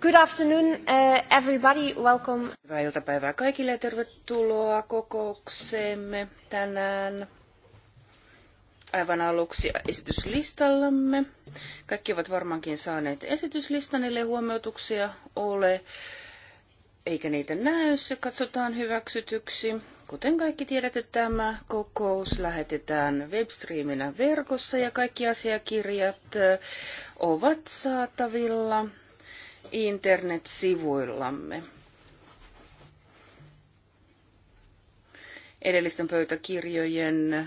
Good afternoon, uh, everybody. Welcome. Hyvää iltapäivää kaikille ja tervetuloa kokoukseemme tänään. Aivan aluksi esityslistallamme. Kaikki ovat varmaankin saaneet esityslistan, ellei huomioituksia ole, eikä niitä näy, se katsotaan hyväksytyksi. Kuten kaikki tiedätte, tämä kokous lähetetään webstreaminä verkossa ja kaikki asiakirjat äh, ovat saatavilla internetsivuillamme. Edellisten pöytäkirjojen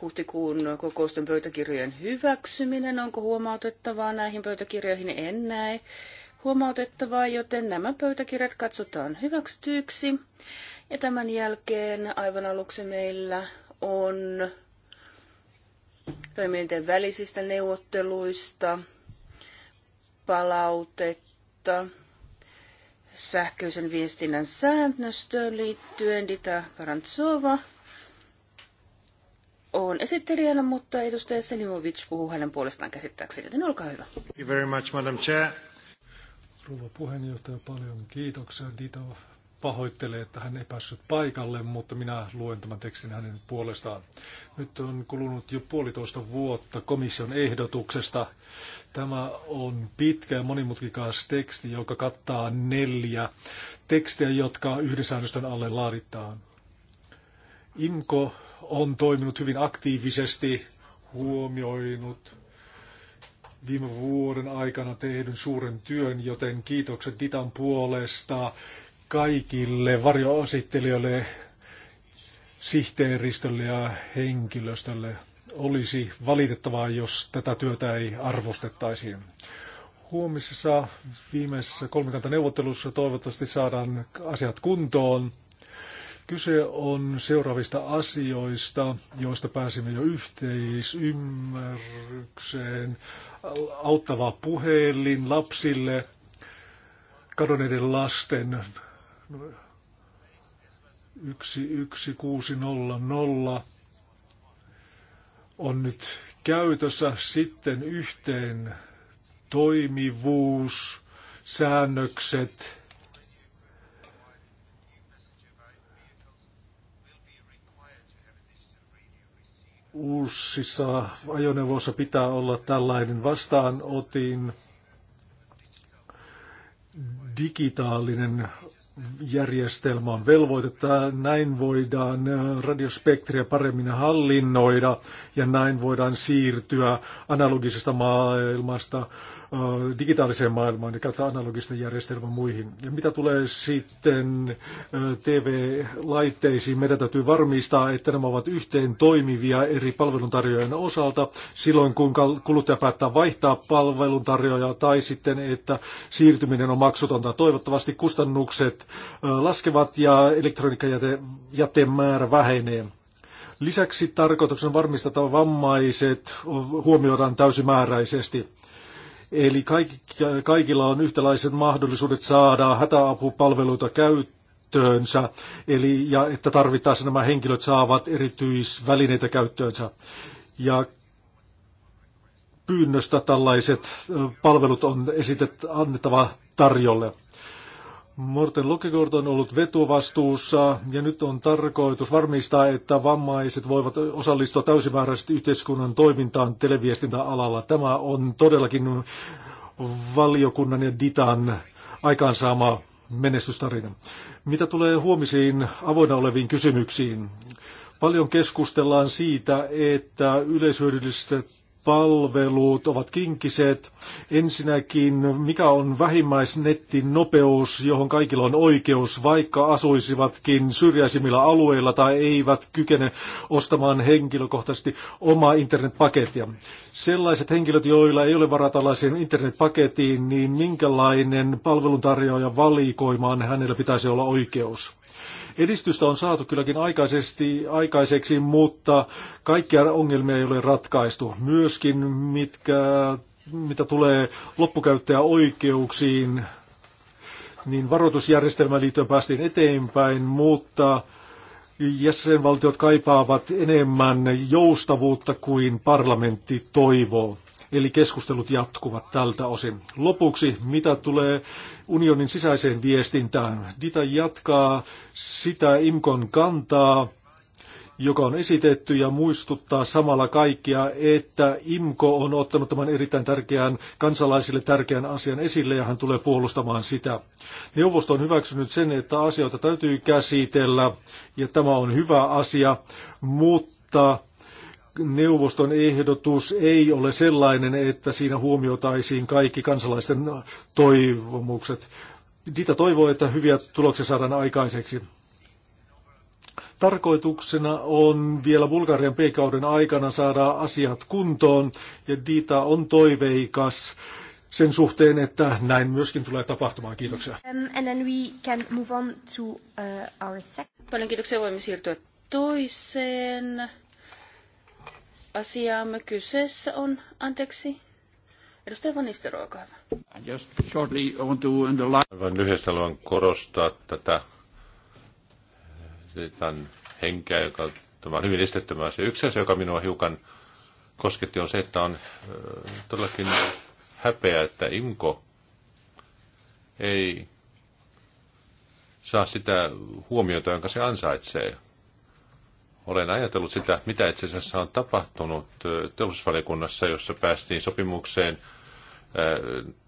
huhtikuun kokousten pöytäkirjojen hyväksyminen. Onko huomautettavaa näihin pöytäkirjoihin? En näe huomautettavaa, joten nämä pöytäkirjat katsotaan hyväksytyiksi. Ja tämän jälkeen aivan aluksi meillä on toimijoiden välisistä neuvotteluista palautetta tota, sähköisen viestinnän säännöstöön liittyen Dita Karantsova on esittelijänä, mutta edustaja Selimovic puhuu hänen puolestaan käsittääkseni, joten olkaa hyvä. Thank you very much, Madam Chair. Rouva puheenjohtaja, paljon kiitoksia Dita pahoittelee, että hän ei päässyt paikalle, mutta minä luen tämän tekstin hänen puolestaan. Nyt on kulunut jo puolitoista vuotta komission ehdotuksesta. Tämä on pitkä ja monimutkikas teksti, joka kattaa neljä tekstiä, jotka yhdessäännöstön alle laaditaan. IMKO on toiminut hyvin aktiivisesti, huomioinut viime vuoden aikana tehdyn suuren työn, joten kiitokset Ditan puolesta kaikille varjoasittelijoille, sihteeristölle ja henkilöstölle. Olisi valitettavaa, jos tätä työtä ei arvostettaisiin. Huomisessa viimeisessä kolmikantaneuvottelussa toivottavasti saadaan asiat kuntoon. Kyse on seuraavista asioista, joista pääsimme jo yhteisymmärrykseen. Auttava puhelin lapsille, kadonneiden lasten 11600 no, on nyt käytössä sitten yhteen toimivuus, säännökset, uusissa ajoneuvoissa pitää olla tällainen vastaanotin digitaalinen järjestelmä on velvoitetta. Näin voidaan äh, radiospektriä paremmin hallinnoida ja näin voidaan siirtyä analogisesta maailmasta Äh, digitaaliseen maailmaan ja käyttää analogista järjestelmää muihin. Ja mitä tulee sitten äh, TV-laitteisiin, meidän täytyy varmistaa, että nämä ovat yhteen toimivia eri palveluntarjoajien osalta silloin, kun kuluttaja päättää vaihtaa palveluntarjoajaa tai sitten, että siirtyminen on maksutonta. Toivottavasti kustannukset äh, laskevat ja elektroniikkajätteen määrä vähenee. Lisäksi tarkoituksena varmistaa, että vammaiset huomioidaan täysimääräisesti. Eli kaikki, kaikilla on yhtäläiset mahdollisuudet saada hätäapupalveluita käyttöönsä, eli ja että tarvittaessa nämä henkilöt saavat erityisvälineitä käyttöönsä. Ja pyynnöstä tällaiset palvelut on esitet, annettava tarjolle. Morten Lokegord on ollut vetovastuussa ja nyt on tarkoitus varmistaa, että vammaiset voivat osallistua täysimääräisesti yhteiskunnan toimintaan televiestintäalalla. Tämä on todellakin valiokunnan ja Ditan aikaansaama menestystarina. Mitä tulee huomisiin avoinna oleviin kysymyksiin? Paljon keskustellaan siitä, että yleishyödylliset palvelut ovat kinkiset. Ensinnäkin, mikä on vähimmäisnettin nopeus, johon kaikilla on oikeus, vaikka asuisivatkin syrjäisimmillä alueilla tai eivät kykene ostamaan henkilökohtaisesti omaa internetpakettia. Sellaiset henkilöt, joilla ei ole varaa tällaiseen internetpakettiin, niin minkälainen palveluntarjoaja valikoimaan hänellä pitäisi olla oikeus? Edistystä on saatu kylläkin aikaisesti, aikaiseksi, mutta kaikkia ongelmia ei ole ratkaistu. Myöskin mitkä, mitä tulee loppukäyttäjäoikeuksiin, niin varoitusjärjestelmään liittyen päästiin eteenpäin, mutta jäsenvaltiot kaipaavat enemmän joustavuutta kuin parlamentti toivoo. Eli keskustelut jatkuvat tältä osin. Lopuksi, mitä tulee unionin sisäiseen viestintään? Dita jatkaa sitä IMKON kantaa, joka on esitetty ja muistuttaa samalla kaikkia, että IMKO on ottanut tämän erittäin tärkeän kansalaisille tärkeän asian esille ja hän tulee puolustamaan sitä. Neuvosto on hyväksynyt sen, että asioita täytyy käsitellä ja tämä on hyvä asia, mutta neuvoston ehdotus ei ole sellainen, että siinä huomioitaisiin kaikki kansalaisten toivomukset. Dita toivoo, että hyviä tuloksia saadaan aikaiseksi. Tarkoituksena on vielä Bulgarian peikauden aikana saada asiat kuntoon, ja Dita on toiveikas sen suhteen, että näin myöskin tulee tapahtumaan. Kiitoksia. Um, uh, Paljon kiitoksia. Voimme siirtyä toiseen asiaamme. Kyseessä on, anteeksi, edustaja Vanistero, olkaa hyvä. on Aivan lyhyesti haluan korostaa tätä tämän henkeä, joka tämä on hyvin estettömä Se Yksi asia, joka minua hiukan kosketti, on se, että on äh, todellakin häpeä, että IMKO ei saa sitä huomiota, jonka se ansaitsee olen ajatellut sitä, mitä itse asiassa on tapahtunut teollisuusvaliokunnassa, jossa päästiin sopimukseen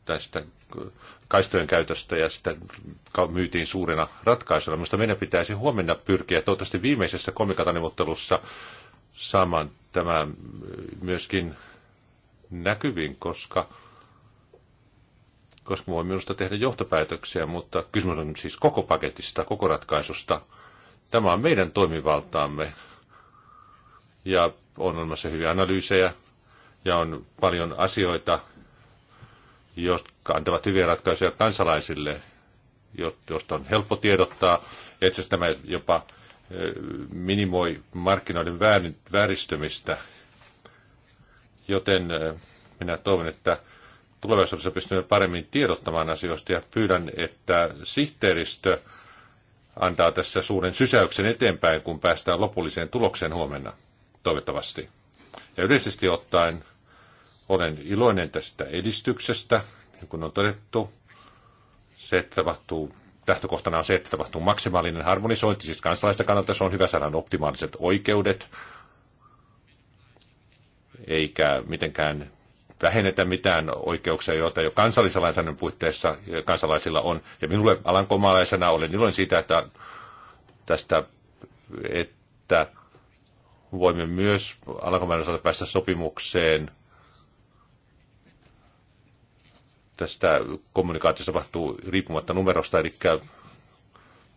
tästä kaistojen käytöstä ja sitä myytiin suurena ratkaisuna. Minusta meidän pitäisi huomenna pyrkiä toivottavasti viimeisessä komikataneuvottelussa saamaan tämä myöskin näkyviin, koska koska voi minusta tehdä johtopäätöksiä, mutta kysymys on siis koko paketista, koko ratkaisusta. Tämä on meidän toimivaltaamme ja on olemassa hyviä analyysejä ja on paljon asioita, jotka antavat hyviä ratkaisuja kansalaisille, josta on helppo tiedottaa. Itse asiassa tämä jopa minimoi markkinoiden vääristymistä, joten minä toivon, että tulevaisuudessa pystymme paremmin tiedottamaan asioista ja pyydän, että sihteeristö antaa tässä suuren sysäyksen eteenpäin, kun päästään lopulliseen tulokseen huomenna toivottavasti. Ja yleisesti ottaen olen iloinen tästä edistyksestä, niin kuin on todettu. Se, että tapahtuu, lähtökohtana on se, että tapahtuu maksimaalinen harmonisointi, siis kansalaisten kannalta se on hyvä saada optimaaliset oikeudet, eikä mitenkään vähennetä mitään oikeuksia, joita jo kansallisen lainsäädännön puitteissa kansalaisilla on. Ja minulle alankomaalaisena olen iloinen siitä, että tästä, että voimme myös Alankomaiden osalta päästä sopimukseen. Tästä kommunikaatio tapahtuu riippumatta numerosta, eli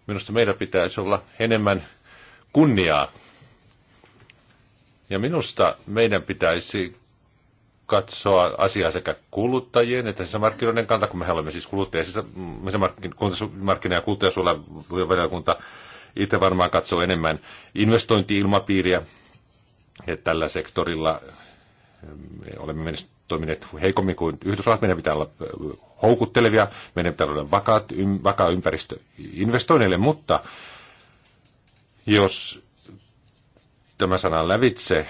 minusta meidän pitäisi olla enemmän kunniaa. Ja minusta meidän pitäisi katsoa asiaa sekä kuluttajien että sisämarkkinoiden kanta, kun me olemme siis kuluttajia, siis sisämarkkina- ja kuluttajasuojeluvaliokunta itse varmaan katsoo enemmän investointiilmapiiriä ja tällä sektorilla me eh, olemme toimineet heikommin kuin Yhdysvallat. Meidän pitää olla eh, houkuttelevia, meidän pitää olla vakaat, ym, vakaa ympäristö investoinneille, mutta jos tämä sana lävitse, eh,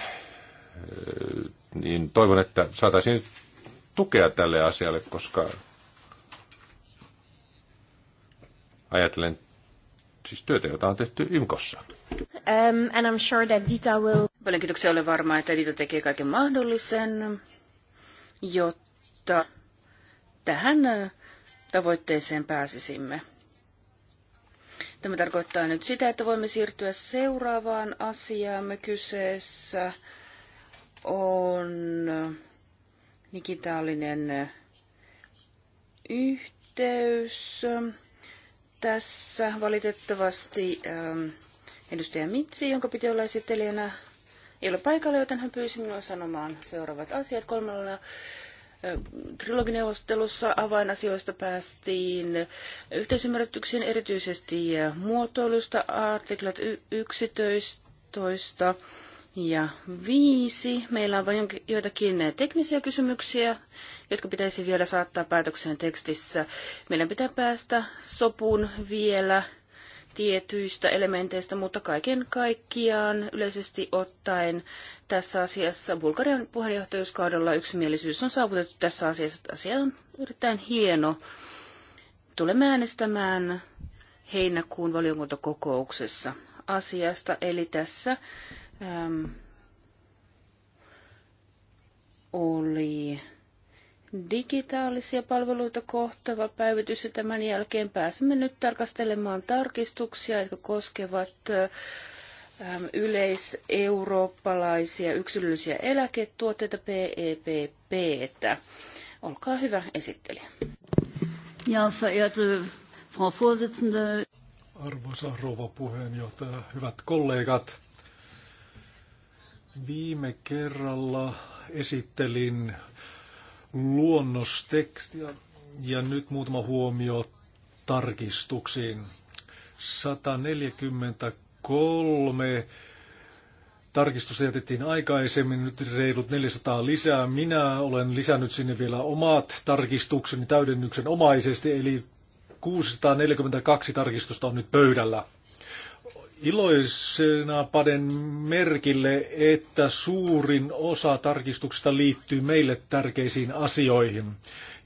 niin toivon, että saataisiin nyt tukea tälle asialle, koska ajattelen siis työtä, jota on tehty IMKossa um, and I'm sure that Dita will... Paljon kiitoksia, olen varma, että Dita tekee kaiken mahdollisen, jotta tähän äh, tavoitteeseen pääsisimme. Tämä tarkoittaa nyt sitä, että voimme siirtyä seuraavaan asiaamme kyseessä on äh, digitaalinen äh, yhteys. Tässä valitettavasti ähm, Edustaja Mitsi, jonka piti olla esittelijänä, ei ole paikalla, joten hän pyysi minua sanomaan seuraavat asiat. Kolmella trilogineuvottelussa avainasioista päästiin yhteisymmärrytyksiin erityisesti muotoilusta artiklat 11 ja 5. Meillä on vain joitakin teknisiä kysymyksiä, jotka pitäisi vielä saattaa päätökseen tekstissä. Meidän pitää päästä sopuun vielä tietyistä elementeistä, mutta kaiken kaikkiaan yleisesti ottaen tässä asiassa Bulgarian puheenjohtajuuskaudella yksimielisyys on saavutettu tässä asiassa. Asia on erittäin hieno. Tulemme äänestämään heinäkuun valiokuntakokouksessa asiasta, eli tässä ähm, oli digitaalisia palveluita kohtava päivitys ja tämän jälkeen pääsemme nyt tarkastelemaan tarkistuksia, jotka koskevat ähm, yleiseurooppalaisia yksilöllisiä eläketuotteita (PEPP). E Olkaa hyvä esittelijä. Ja, verehrte Frau Vorsitzende. Arvoisa rouva puheenjohtaja, hyvät kollegat. Viime kerralla esittelin luonnostekstiä ja nyt muutama huomio tarkistuksiin. 143 tarkistusta jätettiin aikaisemmin, nyt reilut 400 lisää. Minä olen lisännyt sinne vielä omat tarkistukseni täydennyksen omaisesti, eli 642 tarkistusta on nyt pöydällä. Iloisena paden merkille, että suurin osa tarkistuksista liittyy meille tärkeisiin asioihin.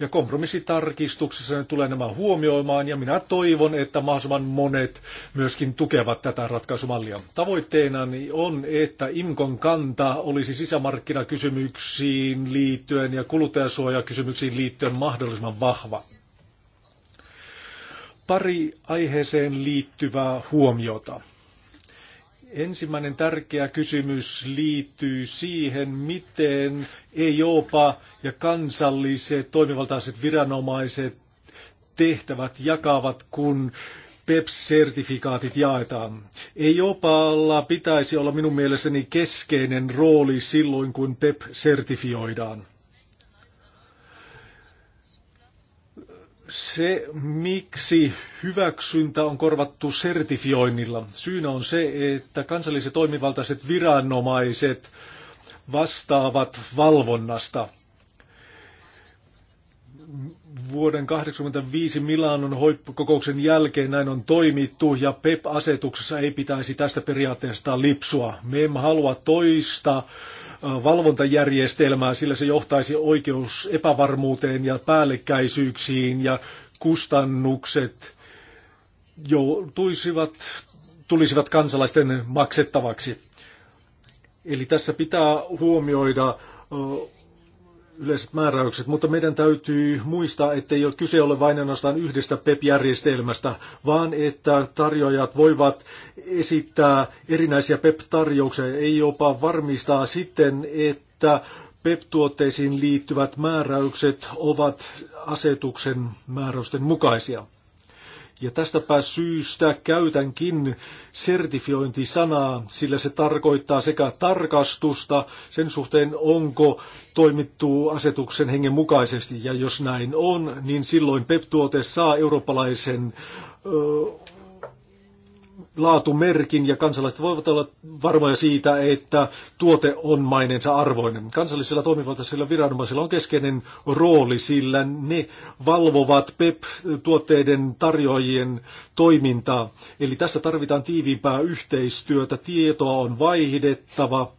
Ja kompromissitarkistuksessa ne tulee nämä huomioimaan, ja minä toivon, että mahdollisimman monet myöskin tukevat tätä ratkaisumallia. Tavoitteena on, että IMKON kanta olisi sisämarkkinakysymyksiin liittyen ja kuluttajasuojakysymyksiin liittyen mahdollisimman vahva. Pari aiheeseen liittyvää huomiota. Ensimmäinen tärkeä kysymys liittyy siihen, miten EOPA ja kansalliset toimivaltaiset viranomaiset tehtävät jakavat, kun PEPS-sertifikaatit jaetaan. EOPAlla pitäisi olla minun mielestäni keskeinen rooli silloin, kun PEP e sertifioidaan. se, miksi hyväksyntä on korvattu sertifioinnilla, syynä on se, että kansalliset toimivaltaiset viranomaiset vastaavat valvonnasta. Vuoden 1985 Milanon hoippukokouksen jälkeen näin on toimittu ja PEP-asetuksessa ei pitäisi tästä periaatteesta lipsua. Me emme halua toista valvontajärjestelmää, sillä se johtaisi oikeus epävarmuuteen ja päällekkäisyyksiin ja kustannukset joutuisivat, tulisivat kansalaisten maksettavaksi. Eli tässä pitää huomioida yleiset määräykset, mutta meidän täytyy muistaa, että ei ole kyse ole vain ainoastaan yhdestä PEP-järjestelmästä, vaan että tarjoajat voivat esittää erinäisiä PEP-tarjouksia, ei jopa varmistaa sitten, että PEP-tuotteisiin liittyvät määräykset ovat asetuksen määräysten mukaisia. Ja tästäpä syystä käytänkin sertifiointisanaa, sillä se tarkoittaa sekä tarkastusta sen suhteen, onko toimittu asetuksen hengen mukaisesti. Ja jos näin on, niin silloin PEP-tuote saa eurooppalaisen ö, laatumerkin ja kansalaiset voivat olla varmoja siitä, että tuote on maineensa arvoinen. Kansallisilla toimivaltaisilla viranomaisilla on keskeinen rooli, sillä ne valvovat PEP-tuotteiden tarjoajien toimintaa. Eli tässä tarvitaan tiiviimpää yhteistyötä, tietoa on vaihdettava,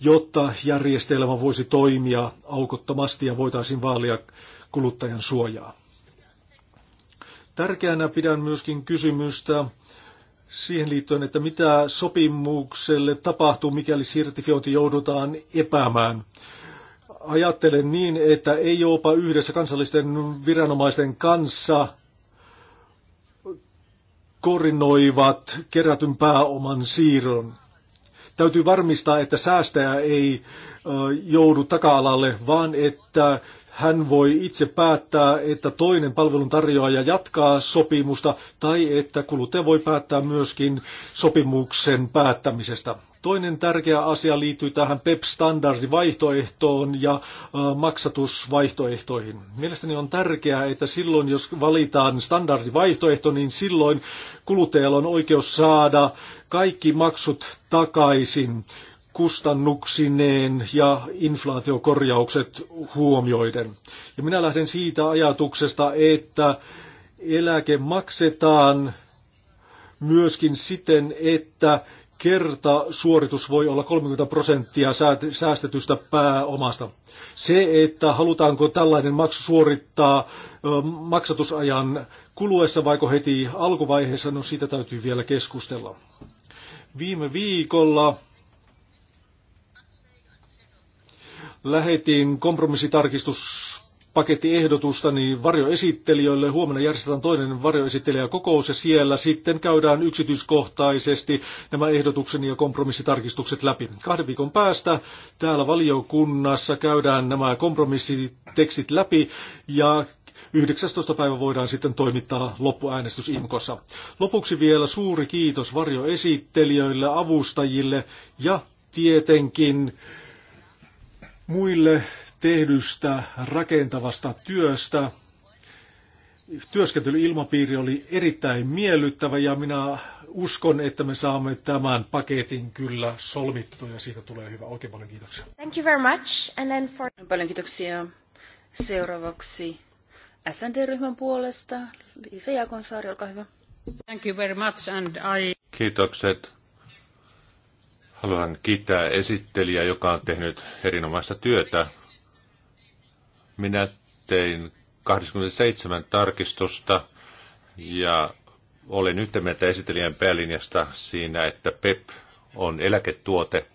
jotta järjestelmä voisi toimia aukottomasti ja voitaisiin vaalia kuluttajan suojaa. Tärkeänä pidän myöskin kysymystä, siihen liittyen, että mitä sopimukselle tapahtuu, mikäli sertifiointi joudutaan epäämään. Ajattelen niin, että ei jopa yhdessä kansallisten viranomaisten kanssa koordinoivat kerätyn pääoman siirron. Täytyy varmistaa, että säästäjä ei joudu taka-alalle, vaan että hän voi itse päättää, että toinen palveluntarjoaja jatkaa sopimusta tai että kuluttaja voi päättää myöskin sopimuksen päättämisestä. Toinen tärkeä asia liittyy tähän PEP-standardivaihtoehtoon ja maksatusvaihtoehtoihin. Mielestäni on tärkeää, että silloin jos valitaan standardivaihtoehto, niin silloin kuluttajalla on oikeus saada kaikki maksut takaisin kustannuksineen ja inflaatiokorjaukset huomioiden. Ja minä lähden siitä ajatuksesta, että eläke maksetaan myöskin siten, että kerta suoritus voi olla 30 prosenttia säästetystä pääomasta. Se, että halutaanko tällainen maksu suorittaa maksatusajan kuluessa vaiko heti alkuvaiheessa, no siitä täytyy vielä keskustella. Viime viikolla lähetin kompromissitarkistuspakettiehdotusta niin varjoesittelijöille. Huomenna järjestetään toinen varjoesittelijäkokous ja siellä sitten käydään yksityiskohtaisesti nämä ehdotukset ja kompromissitarkistukset läpi. Kahden viikon päästä täällä valiokunnassa käydään nämä kompromissitekstit läpi ja 19. päivä voidaan sitten toimittaa loppuäänestys IMKossa. Lopuksi vielä suuri kiitos varjoesittelijöille, avustajille ja tietenkin muille tehdystä rakentavasta työstä. Työskentelyilmapiiri oli erittäin miellyttävä ja minä uskon, että me saamme tämän paketin kyllä solmittua ja siitä tulee hyvä. Oikein paljon kiitoksia. Thank you very much. And then for... Paljon kiitoksia. Seuraavaksi SND-ryhmän puolesta Liisa Jaakonsaari, olkaa hyvä. Thank you very much and I... Kiitokset. Haluan kiittää esittelijää, joka on tehnyt erinomaista työtä. Minä tein 27 tarkistusta ja olen yhtä mieltä esittelijän päälinjasta siinä, että PEP on eläketuote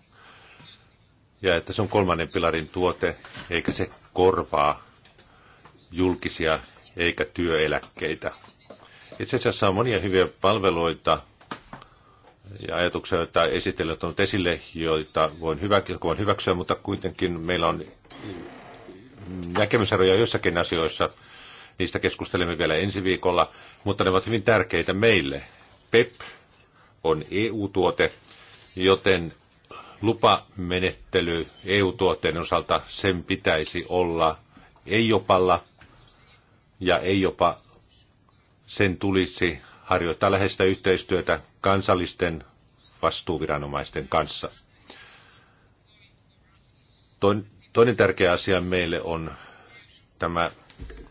ja että se on kolmannen pilarin tuote, eikä se korvaa julkisia eikä työeläkkeitä. Itse asiassa on monia hyviä palveluita, ja ajatuksia, joita esitellä on esille, joita voin, hyvä, voin hyväksyä, mutta kuitenkin meillä on näkemyseroja joissakin asioissa. Niistä keskustelemme vielä ensi viikolla, mutta ne ovat hyvin tärkeitä meille. PEP e on EU-tuote, joten lupamenettely EU-tuotteen osalta sen pitäisi olla ei jopalla ja ei jopa sen tulisi harjoittaa läheistä yhteistyötä kansallisten vastuuviranomaisten kanssa. Toinen tärkeä asia meille on tämä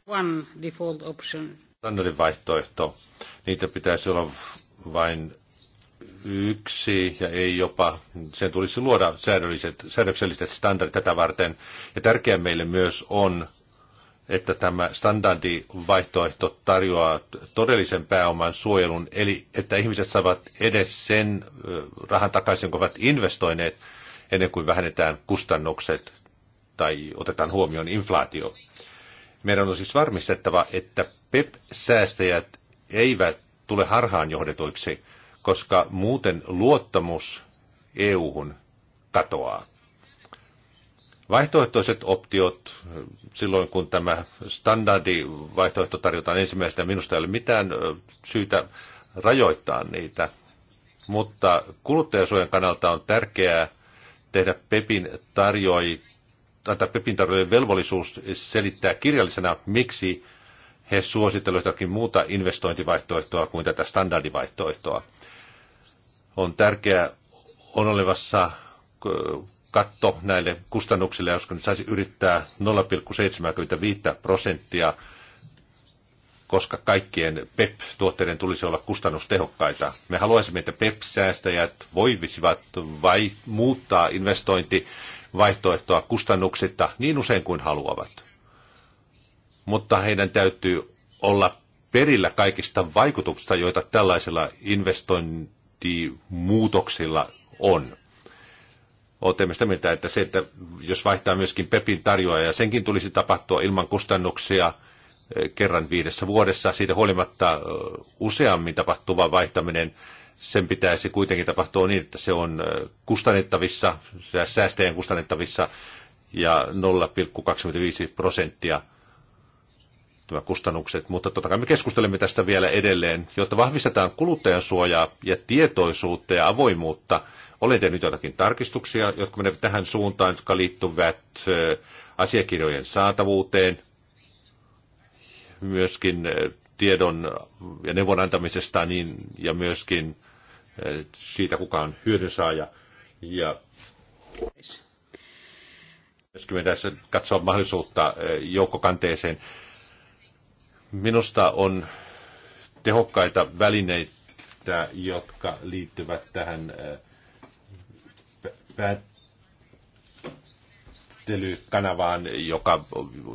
One default option. standardin vaihtoehto. Niitä pitäisi olla vain yksi ja ei jopa, sen tulisi luoda säädölliset, säädökselliset standardit tätä varten. Ja tärkeää meille myös on että tämä standardivaihtoehto tarjoaa todellisen pääoman suojelun, eli että ihmiset saavat edes sen rahan takaisin, jonka ovat investoineet, ennen kuin vähennetään kustannukset tai otetaan huomioon inflaatio. Meidän on siis varmistettava, että PEP-säästäjät eivät tule harhaan johdetuiksi, koska muuten luottamus EU-hun katoaa. Vaihtoehtoiset optiot, silloin kun tämä standardi vaihtoehto tarjotaan ensimmäisenä, minusta ei ole mitään syytä rajoittaa niitä. Mutta kuluttajasuojan kannalta on tärkeää tehdä PEPin tarjoi, antaa PEPin tarjoajien velvollisuus selittää kirjallisena, miksi he suosittelevat jotakin muuta investointivaihtoehtoa kuin tätä standardivaihtoehtoa. On tärkeää, on olevassa katto näille kustannuksille, jos ne saisi yrittää 0,75 prosenttia, koska kaikkien PEP-tuotteiden tulisi olla kustannustehokkaita. Me haluaisimme, että PEP-säästäjät voivisivat vai muuttaa investointivaihtoehtoa kustannuksitta niin usein kuin haluavat. Mutta heidän täytyy olla perillä kaikista vaikutuksista, joita tällaisilla investointimuutoksilla on. Olemme sitä mieltä, että se, että jos vaihtaa myöskin PEPin tarjoaja, senkin tulisi tapahtua ilman kustannuksia eh, kerran viidessä vuodessa. Siitä huolimatta eh, useammin tapahtuva vaihtaminen, sen pitäisi kuitenkin tapahtua niin, että se on eh, kustannettavissa, säästäjien kustannettavissa ja 0,25 prosenttia tämä kustannukset, mutta totta kai me keskustelemme tästä vielä edelleen, jotta vahvistetaan kuluttajan suojaa ja tietoisuutta ja avoimuutta olen tehnyt jotakin tarkistuksia, jotka menevät tähän suuntaan, jotka liittyvät asiakirjojen saatavuuteen, myöskin tiedon ja neuvon antamisesta niin, ja myöskin siitä, kuka on hyödynsaaja. Ja myöskin me tässä katsoa mahdollisuutta joukkokanteeseen. Minusta on tehokkaita välineitä, jotka liittyvät tähän äh, päättelykanavaan, joka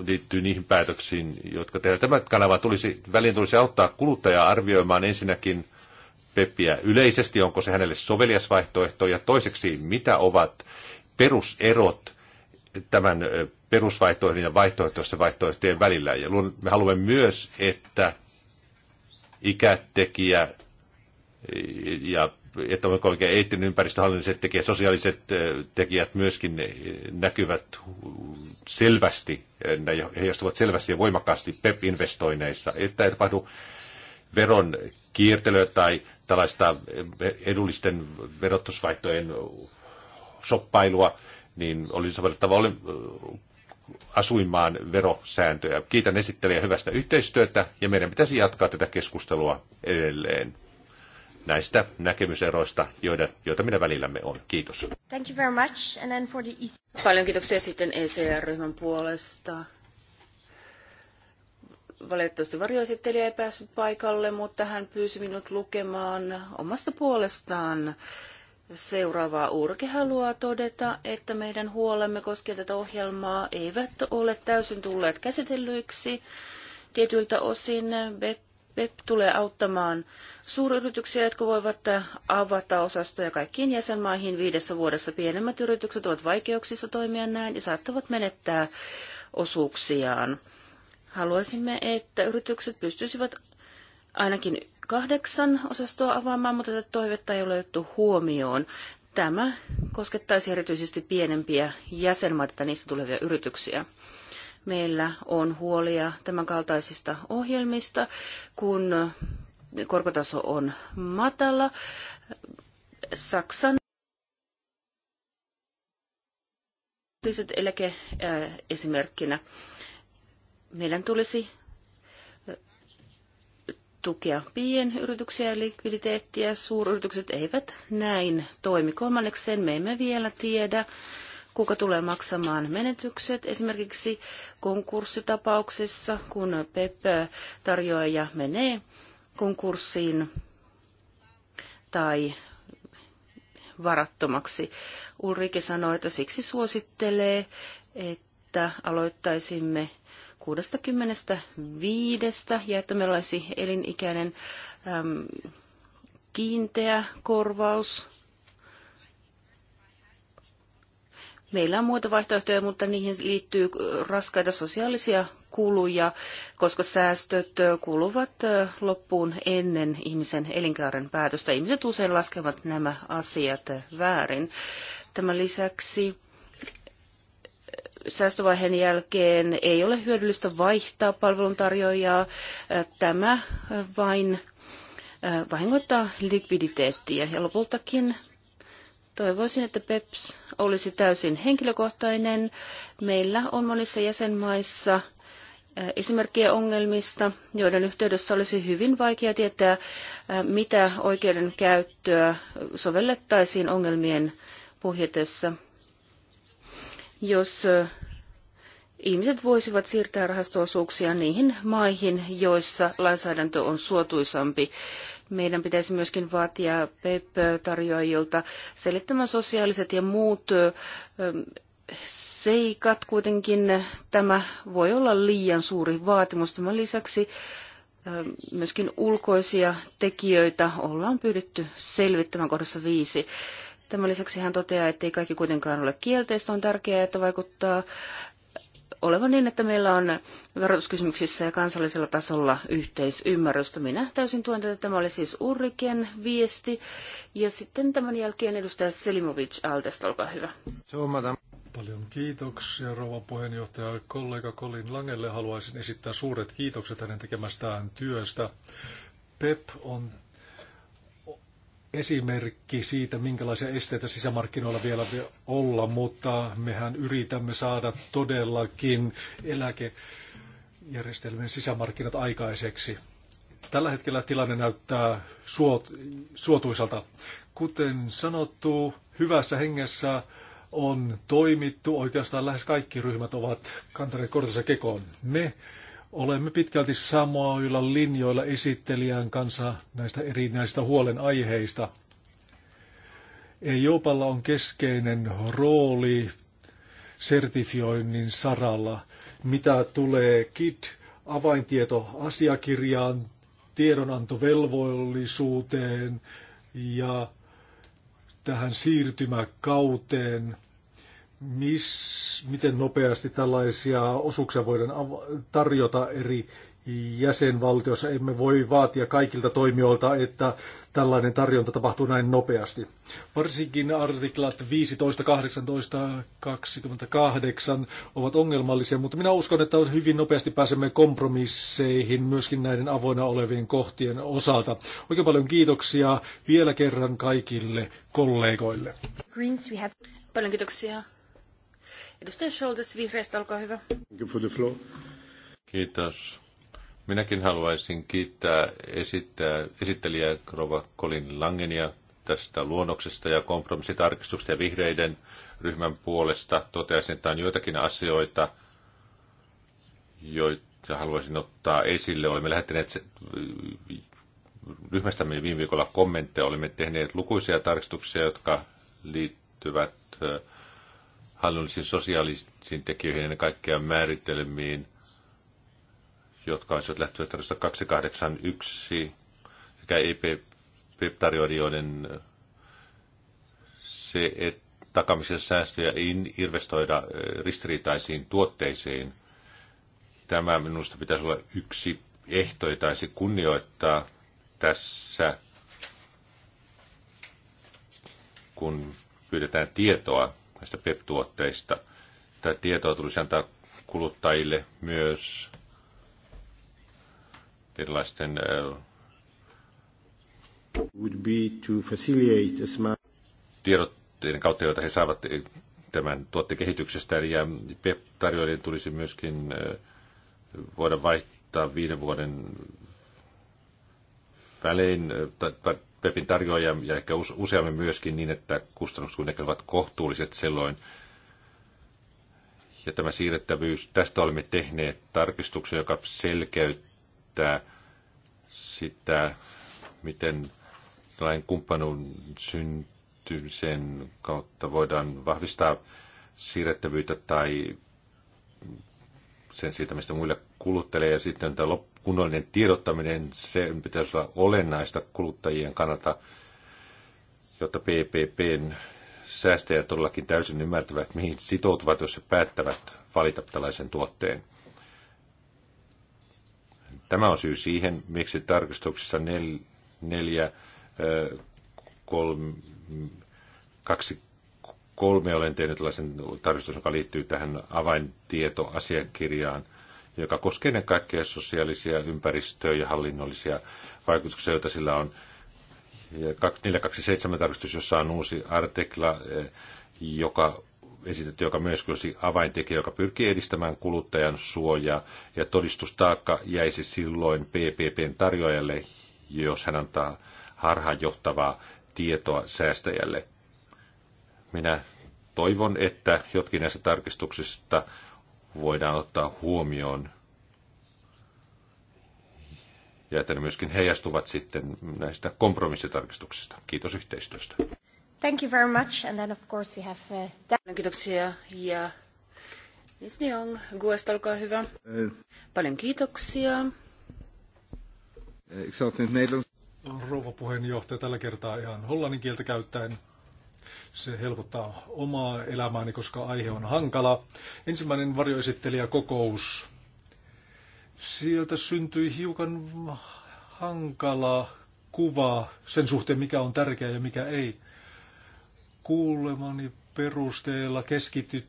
liittyy niihin päätöksiin, jotka tehdään. Tämä kanava tulisi, väliin tulisi auttaa kuluttajaa arvioimaan ensinnäkin peppiä yleisesti, onko se hänelle sovelias vaihtoehto, ja toiseksi, mitä ovat peruserot tämän perusvaihtoehdon ja vaihtoehtoisten vaihtoehtojen välillä. Ja me haluamme myös, että ikätekijä ja että onko oikein eettinen ympäristöhallinnolliset tekijät, sosiaaliset tekijät myöskin näkyvät selvästi, ne heijastuvat selvästi ja voimakkaasti PEP-investoinneissa, että ei tapahdu veron kiertelyä tai tällaista edullisten verotusvaihtojen soppailua, niin olisi sovellettava asuinmaan verosääntöjä. Kiitän esittelijä hyvästä yhteistyötä ja meidän pitäisi jatkaa tätä keskustelua edelleen näistä näkemyseroista, joita, joita meidän välillämme on. Kiitos. Thank you very much. And then for the... E Paljon kiitoksia sitten ECR-ryhmän puolesta. Valitettavasti varjoesittelijä ei päässyt paikalle, mutta hän pyysi minut lukemaan omasta puolestaan Seuraavaa Urke haluaa todeta, että meidän huolemme koskien tätä ohjelmaa eivät ole täysin tulleet käsitellyiksi. Tietyiltä osin BEP BEP tulee auttamaan suuryrityksiä, jotka voivat avata osastoja kaikkiin jäsenmaihin viidessä vuodessa. Pienemmät yritykset ovat vaikeuksissa toimia näin ja saattavat menettää osuuksiaan. Haluaisimme, että yritykset pystyisivät ainakin kahdeksan osastoa avaamaan, mutta tätä toivetta ei ole otettu huomioon. Tämä koskettaisi erityisesti pienempiä jäsenmaita niistä tulevia yrityksiä meillä on huolia tämänkaltaisista ohjelmista, kun korkotaso on matala. Saksan eläke esimerkkinä. Meidän tulisi tukea pienyrityksiä ja likviditeettiä. Suuryritykset eivät näin toimi. Kolmanneksi sen me emme vielä tiedä, kuka tulee maksamaan menetykset. Esimerkiksi konkurssitapauksessa, kun PEP-tarjoaja menee konkurssiin tai varattomaksi. Ulrike sanoi, että siksi suosittelee, että aloittaisimme 65 ja että meillä olisi elinikäinen äm, kiinteä korvaus Meillä on muita vaihtoehtoja, mutta niihin liittyy äh, raskaita sosiaalisia kuluja, koska säästöt äh, kuluvat äh, loppuun ennen ihmisen elinkaaren päätöstä. Ihmiset usein laskevat nämä asiat väärin. Tämän lisäksi säästövaiheen jälkeen ei ole hyödyllistä vaihtaa palveluntarjoajaa. Tämä vain vahingoittaa likviditeettiä ja lopultakin Toivoisin, että PEPS olisi täysin henkilökohtainen. Meillä on monissa jäsenmaissa äh, esimerkkejä ongelmista, joiden yhteydessä olisi hyvin vaikea tietää, äh, mitä oikeudenkäyttöä sovellettaisiin ongelmien puhjetessa. Jos äh, ihmiset voisivat siirtää rahastoosuuksia niihin maihin, joissa lainsäädäntö on suotuisampi. Meidän pitäisi myöskin vaatia PEP-tarjoajilta selittämään sosiaaliset ja muut seikat. Kuitenkin tämä voi olla liian suuri vaatimus. Tämän lisäksi myöskin ulkoisia tekijöitä ollaan pyydetty selvittämään kohdassa viisi. Tämän lisäksi hän toteaa, ettei kaikki kuitenkaan ole kielteistä. On tärkeää, että vaikuttaa olevan niin, että meillä on verotuskysymyksissä ja kansallisella tasolla yhteisymmärrystä. Minä täysin tuen tätä. Tämä oli siis Urriken viesti. Ja sitten tämän jälkeen edustaja Selimovic Aldesta, olkaa hyvä. Paljon kiitoksia rouva puheenjohtaja. Kollega Colin Langelle haluaisin esittää suuret kiitokset hänen tekemästään työstä. PEP on esimerkki siitä, minkälaisia esteitä sisämarkkinoilla vielä olla, mutta mehän yritämme saada todellakin eläkejärjestelmien sisämarkkinat aikaiseksi. Tällä hetkellä tilanne näyttää suot, suotuisalta. Kuten sanottu, hyvässä hengessä on toimittu. Oikeastaan lähes kaikki ryhmät ovat kantaneet kortensa kekoon. Me Olemme pitkälti samoilla linjoilla esittelijän kanssa näistä erinäisistä huolenaiheista. EIOPalla on keskeinen rooli sertifioinnin saralla, mitä tulee KIT avaintietoasiakirjaan, tiedonantovelvollisuuteen ja tähän siirtymäkauteen – miss, miten nopeasti tällaisia osuuksia voidaan tarjota eri jäsenvaltioissa? Emme voi vaatia kaikilta toimijoilta, että tällainen tarjonta tapahtuu näin nopeasti. Varsinkin artiklat 15, 18, 28 ovat ongelmallisia, mutta minä uskon, että hyvin nopeasti pääsemme kompromisseihin myöskin näiden avoinna olevien kohtien osalta. Oikein paljon kiitoksia vielä kerran kaikille kollegoille. Greens, we have... Paljon kiitoksia Edustaja Scholtes vihreästä, olkaa hyvä. Kiitos. Minäkin haluaisin kiittää esittää, esittelijä Rova Colin Langenia tästä luonnoksesta ja kompromissitarkistuksesta ja vihreiden ryhmän puolesta. Toteaisin, että on joitakin asioita, joita haluaisin ottaa esille. Olemme lähettäneet ryhmästämme viime viikolla kommentteja. Olemme tehneet lukuisia tarkistuksia, jotka liittyvät hallinnollisiin sosiaalisiin tekijöihin, ennen kaikkea määritelmiin, jotka olisivat lähtöä 281 sekä EP-tarjoilijoiden se, että takamisen säästöjä ei investoida ristiriitaisiin tuotteisiin. Tämä minusta pitäisi olla yksi ehto, jota kunnioittaa tässä, kun pyydetään tietoa näistä PEP-tuotteista. Tätä tietoa tulisi antaa kuluttajille myös erilaisten would be to facilitate tiedotteiden kautta, joita he saavat tämän tuotteen kehityksestä. Ja PEP-tarjoajien tulisi myöskin voida vaihtaa viiden vuoden välein webin tarjoaja ja ehkä useammin myöskin niin, että kustannukset kuitenkin ovat kohtuulliset silloin. Ja tämä siirrettävyys, tästä olemme tehneet tarkistuksen, joka selkeyttää sitä, miten tällainen kumppanuun syntymisen kautta voidaan vahvistaa siirrettävyyttä tai sen siirtämistä muille kuluttelee ja sitten tämä loppu kunnollinen tiedottaminen, se pitäisi olla olennaista kuluttajien kannalta, jotta PPPn säästäjät todellakin täysin ymmärtävät, mihin sitoutuvat, jos he päättävät valita tällaisen tuotteen. Tämä on syy siihen, miksi tarkistuksessa 4, neljä, kolme, kolme olen tehnyt tällaisen tarkistuksen, joka liittyy tähän avaintietoasiakirjaan – joka koskee ne kaikkia sosiaalisia, ympäristöä ja hallinnollisia vaikutuksia, joita sillä on. Ja 427 tarkistus, jossa on uusi artikla, eh, joka esitetty, joka myös olisi avaintekijä, joka pyrkii edistämään kuluttajan suojaa, ja todistustaakka jäisi silloin PPPn tarjoajalle, jos hän antaa harhaanjohtavaa tietoa säästäjälle. Minä toivon, että jotkin näistä tarkistuksista voidaan ottaa huomioon ja että ne myöskin heijastuvat sitten näistä kompromissitarkistuksista. Kiitos yhteistyöstä. Thank you very much. And then of course we have... Uh, kiitoksia ja niin on. Guest, olkaa hyvä. Eh. Paljon kiitoksia. Eh, Rouva puheenjohtaja, tällä kertaa ihan hollannin kieltä käyttäen. Se helpottaa omaa elämääni, koska aihe on hankala. Ensimmäinen varjoesittelijäkokous. Sieltä syntyi hiukan hankala kuva sen suhteen, mikä on tärkeää ja mikä ei. Kuulemani perusteella keskityt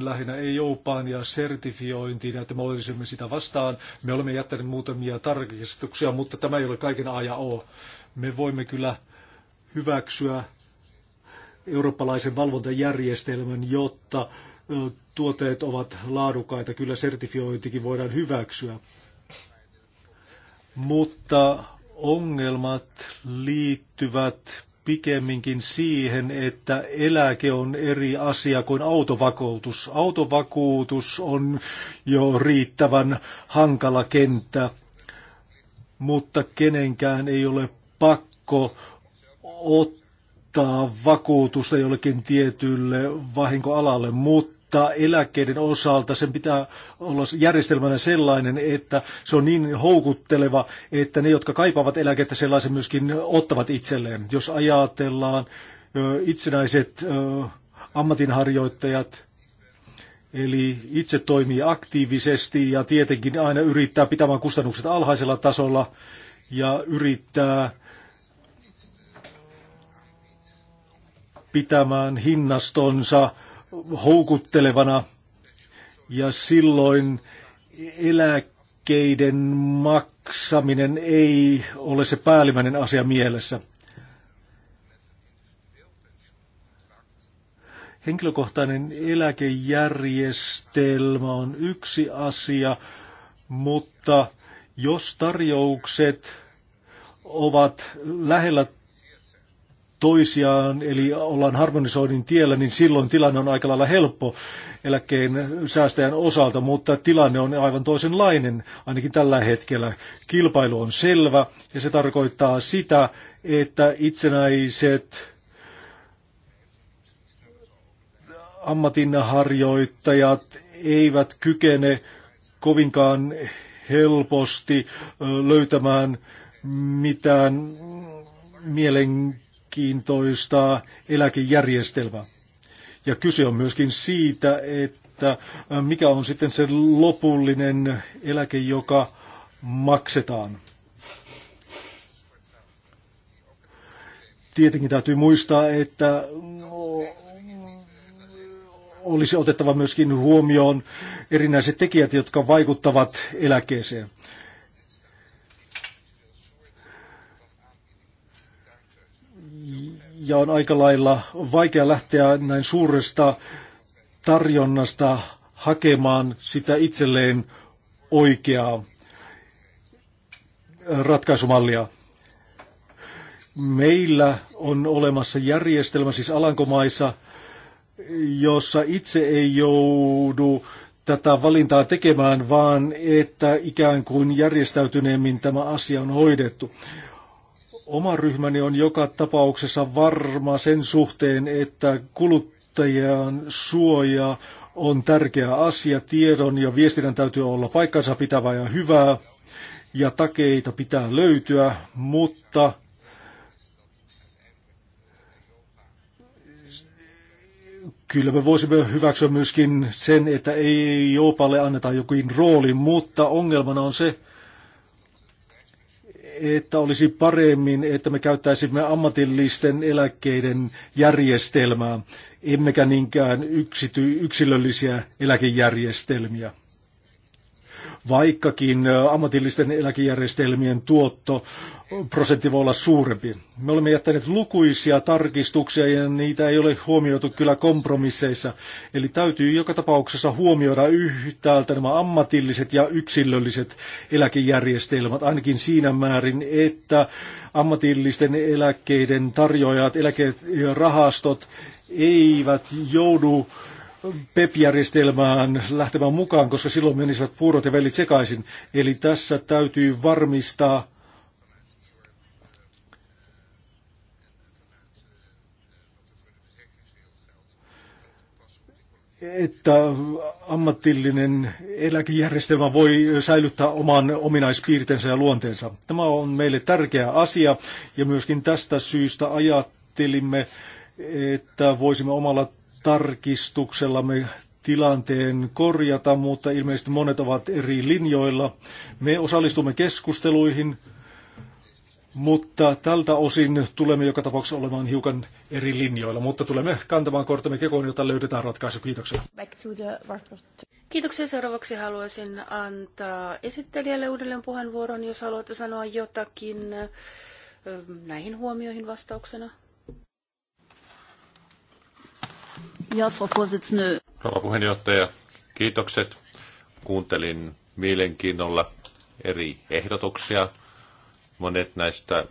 lähinnä EUPAan ja sertifiointiin, että me olisimme sitä vastaan. Me olemme jättäneet muutamia tarkistuksia, mutta tämä ei ole kaiken A ja O. Me voimme kyllä hyväksyä eurooppalaisen valvontajärjestelmän, jotta tuotteet ovat laadukkaita. Kyllä sertifiointikin voidaan hyväksyä. Mutta ongelmat liittyvät pikemminkin siihen, että eläke on eri asia kuin autovakuutus. Autovakuutus on jo riittävän hankala kenttä, mutta kenenkään ei ole pakko ottaa ottaa vakuutusta jollekin tietylle vahinkoalalle, mutta eläkkeiden osalta sen pitää olla järjestelmänä sellainen, että se on niin houkutteleva, että ne, jotka kaipaavat eläkettä, sellaisen myöskin ottavat itselleen. Jos ajatellaan itsenäiset ammatinharjoittajat, Eli itse toimii aktiivisesti ja tietenkin aina yrittää pitämään kustannukset alhaisella tasolla ja yrittää pitämään hinnastonsa houkuttelevana ja silloin eläkkeiden maksaminen ei ole se päällimmäinen asia mielessä. Henkilökohtainen eläkejärjestelmä on yksi asia, mutta jos tarjoukset ovat lähellä toisiaan, eli ollaan harmonisoinnin tiellä, niin silloin tilanne on aika lailla helppo eläkkeen säästäjän osalta, mutta tilanne on aivan toisenlainen, ainakin tällä hetkellä. Kilpailu on selvä, ja se tarkoittaa sitä, että itsenäiset ammatinharjoittajat eivät kykene kovinkaan helposti löytämään mitään mielen mielenkiintoista eläkejärjestelmää. Ja kyse on myöskin siitä, että mikä on sitten se lopullinen eläke, joka maksetaan. Tietenkin täytyy muistaa, että olisi otettava myöskin huomioon erinäiset tekijät, jotka vaikuttavat eläkkeeseen. ja on aika lailla vaikea lähteä näin suuresta tarjonnasta hakemaan sitä itselleen oikeaa ratkaisumallia. Meillä on olemassa järjestelmä, siis Alankomaissa, jossa itse ei joudu tätä valintaa tekemään, vaan että ikään kuin järjestäytyneemmin tämä asia on hoidettu. Oma ryhmäni on joka tapauksessa varma sen suhteen, että kuluttajan suoja on tärkeä asia. Tiedon ja viestinnän täytyy olla paikkansa pitävää ja hyvää ja takeita pitää löytyä, mutta kyllä me voisimme hyväksyä myöskin sen, että ei Joopalle anneta jokin rooli, mutta ongelmana on se, että olisi paremmin, että me käyttäisimme ammatillisten eläkkeiden järjestelmää, emmekä niinkään yksity, yksilöllisiä eläkejärjestelmiä. Vaikkakin ammatillisten eläkejärjestelmien tuotto prosentti voi olla suurempi. Me olemme jättäneet lukuisia tarkistuksia ja niitä ei ole huomioitu kyllä kompromisseissa. Eli täytyy joka tapauksessa huomioida yhtäältä nämä ammatilliset ja yksilölliset eläkejärjestelmät, ainakin siinä määrin, että ammatillisten eläkkeiden tarjoajat, eläkerahastot eivät joudu PEP-järjestelmään lähtemään mukaan, koska silloin menisivät puurot ja velit sekaisin. Eli tässä täytyy varmistaa, että ammatillinen eläkejärjestelmä voi säilyttää oman ominaispiirteensä ja luonteensa. Tämä on meille tärkeä asia ja myöskin tästä syystä ajattelimme, että voisimme omalla tarkistuksellamme tilanteen korjata, mutta ilmeisesti monet ovat eri linjoilla. Me osallistumme keskusteluihin, mutta tältä osin tulemme joka tapauksessa olemaan hiukan eri linjoilla, mutta tulemme kantamaan kortemme kekoon, jota löydetään ratkaisu. Kiitoksia. Kiitoksia. Seuraavaksi haluaisin antaa esittelijälle uudelleen puheenvuoron, jos haluatte sanoa jotakin näihin huomioihin vastauksena. Ja, Frau Rouva puheenjohtaja, kiitokset. Kuuntelin mielenkiinnolla eri ehdotuksia Monet näistä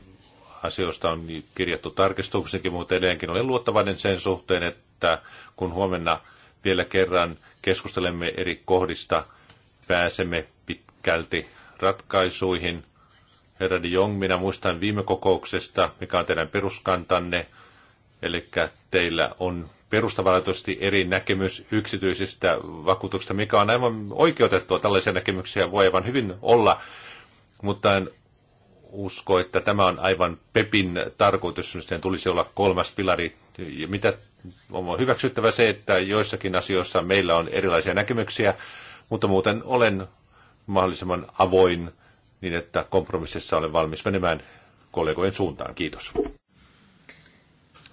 asioista on kirjattu tarkistuksenkin, mutta edelleenkin olen luottavainen sen suhteen, että kun huomenna vielä kerran keskustelemme eri kohdista, pääsemme pitkälti ratkaisuihin. Herra de Jong, minä muistan viime kokouksesta, mikä on teidän peruskantanne, eli teillä on perustavallisesti eri näkemys yksityisistä vakuutuksista, mikä on aivan oikeutettua. Tällaisia näkemyksiä voi aivan hyvin olla, mutta en usko, että tämä on aivan PEPin tarkoitus, sen tulisi olla kolmas pilari. Ja mitä on hyväksyttävä se, että joissakin asioissa meillä on erilaisia näkemyksiä, mutta muuten olen mahdollisimman avoin niin, että kompromississa olen valmis menemään kollegojen suuntaan. Kiitos.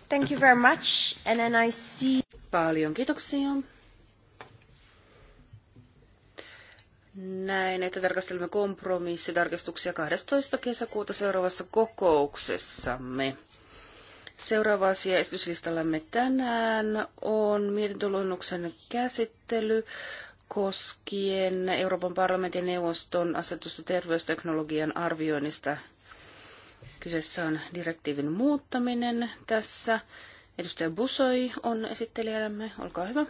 Thank you very much. And then I see... Paljon kiitoksia. näin, että tarkastelemme kompromissitarkistuksia 12. kesäkuuta seuraavassa kokouksessamme. Seuraava asia esityslistallamme tänään on mietintöluonnoksen käsittely koskien Euroopan parlamentin neuvoston asetusta terveysteknologian arvioinnista. Kyseessä on direktiivin muuttaminen tässä. Edustaja Busoi on esittelijänämme. Olkaa hyvä.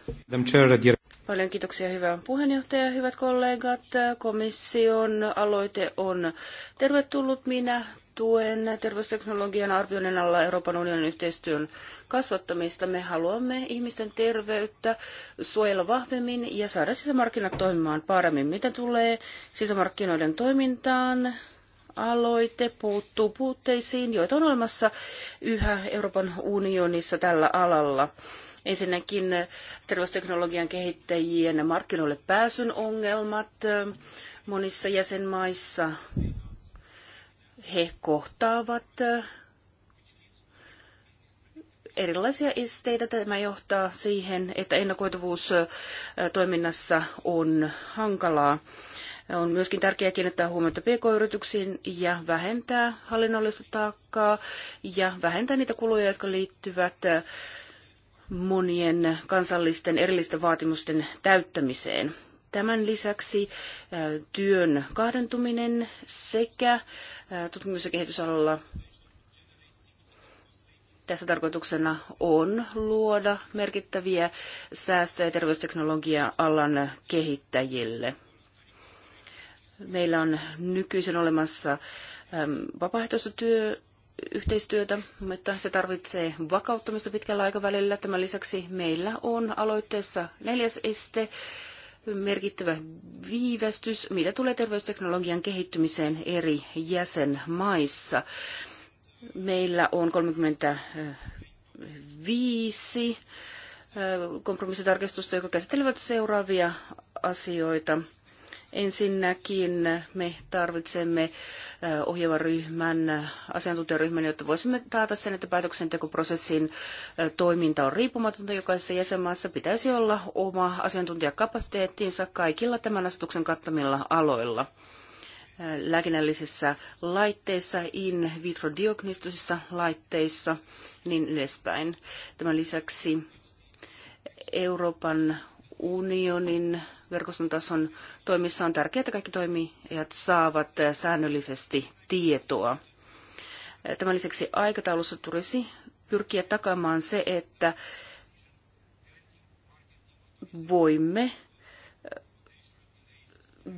Paljon kiitoksia hyvää puheenjohtaja, hyvät kollegat. Komission aloite on tervetullut. Minä tuen terveysteknologian arvioinnin alla Euroopan unionin yhteistyön kasvattamista. Me haluamme ihmisten terveyttä suojella vahvemmin ja saada sisämarkkinat toimimaan paremmin. Mitä tulee sisämarkkinoiden toimintaan, aloite puuttuu puutteisiin, joita on olemassa yhä Euroopan unionissa tällä alalla. Ensinnäkin terveysteknologian kehittäjien markkinoille pääsyn ongelmat ähm, monissa jäsenmaissa. He kohtaavat äh, erilaisia esteitä. Tämä johtaa siihen, että ennakoitavuus äh, toiminnassa on hankalaa. On myöskin tärkeää kiinnittää huomiota pk-yrityksiin ja vähentää hallinnollista taakkaa ja vähentää niitä kuluja, jotka liittyvät äh, monien kansallisten erillisten vaatimusten täyttämiseen. Tämän lisäksi äh, työn kahdentuminen sekä äh, tutkimus- ja kehitysalalla tässä tarkoituksena on luoda merkittäviä säästöjä terveysteknologia-alan kehittäjille. Meillä on nykyisen olemassa vapaaehtoista työ, yhteistyötä, mutta se tarvitsee vakauttamista pitkällä aikavälillä. Tämän lisäksi meillä on aloitteessa neljäs este, merkittävä viivästys, mitä tulee terveysteknologian kehittymiseen eri jäsenmaissa. Meillä on 35 kompromissitarkistusta, jotka käsittelevät seuraavia asioita. Ensinnäkin me tarvitsemme ohjaavan asiantuntijaryhmän, jotta voisimme taata sen, että päätöksentekoprosessin toiminta on riippumatonta. Jokaisessa jäsenmaassa pitäisi olla oma asiantuntijakapasiteettinsa kaikilla tämän asetuksen kattamilla aloilla lääkinnällisissä laitteissa, in vitro diagnostisissa laitteissa ja niin edespäin. Tämän lisäksi Euroopan unionin verkoston tason toimissa on tärkeää, että kaikki toimijat saavat säännöllisesti tietoa. Tämän lisäksi aikataulussa tulisi pyrkiä takaamaan se, että voimme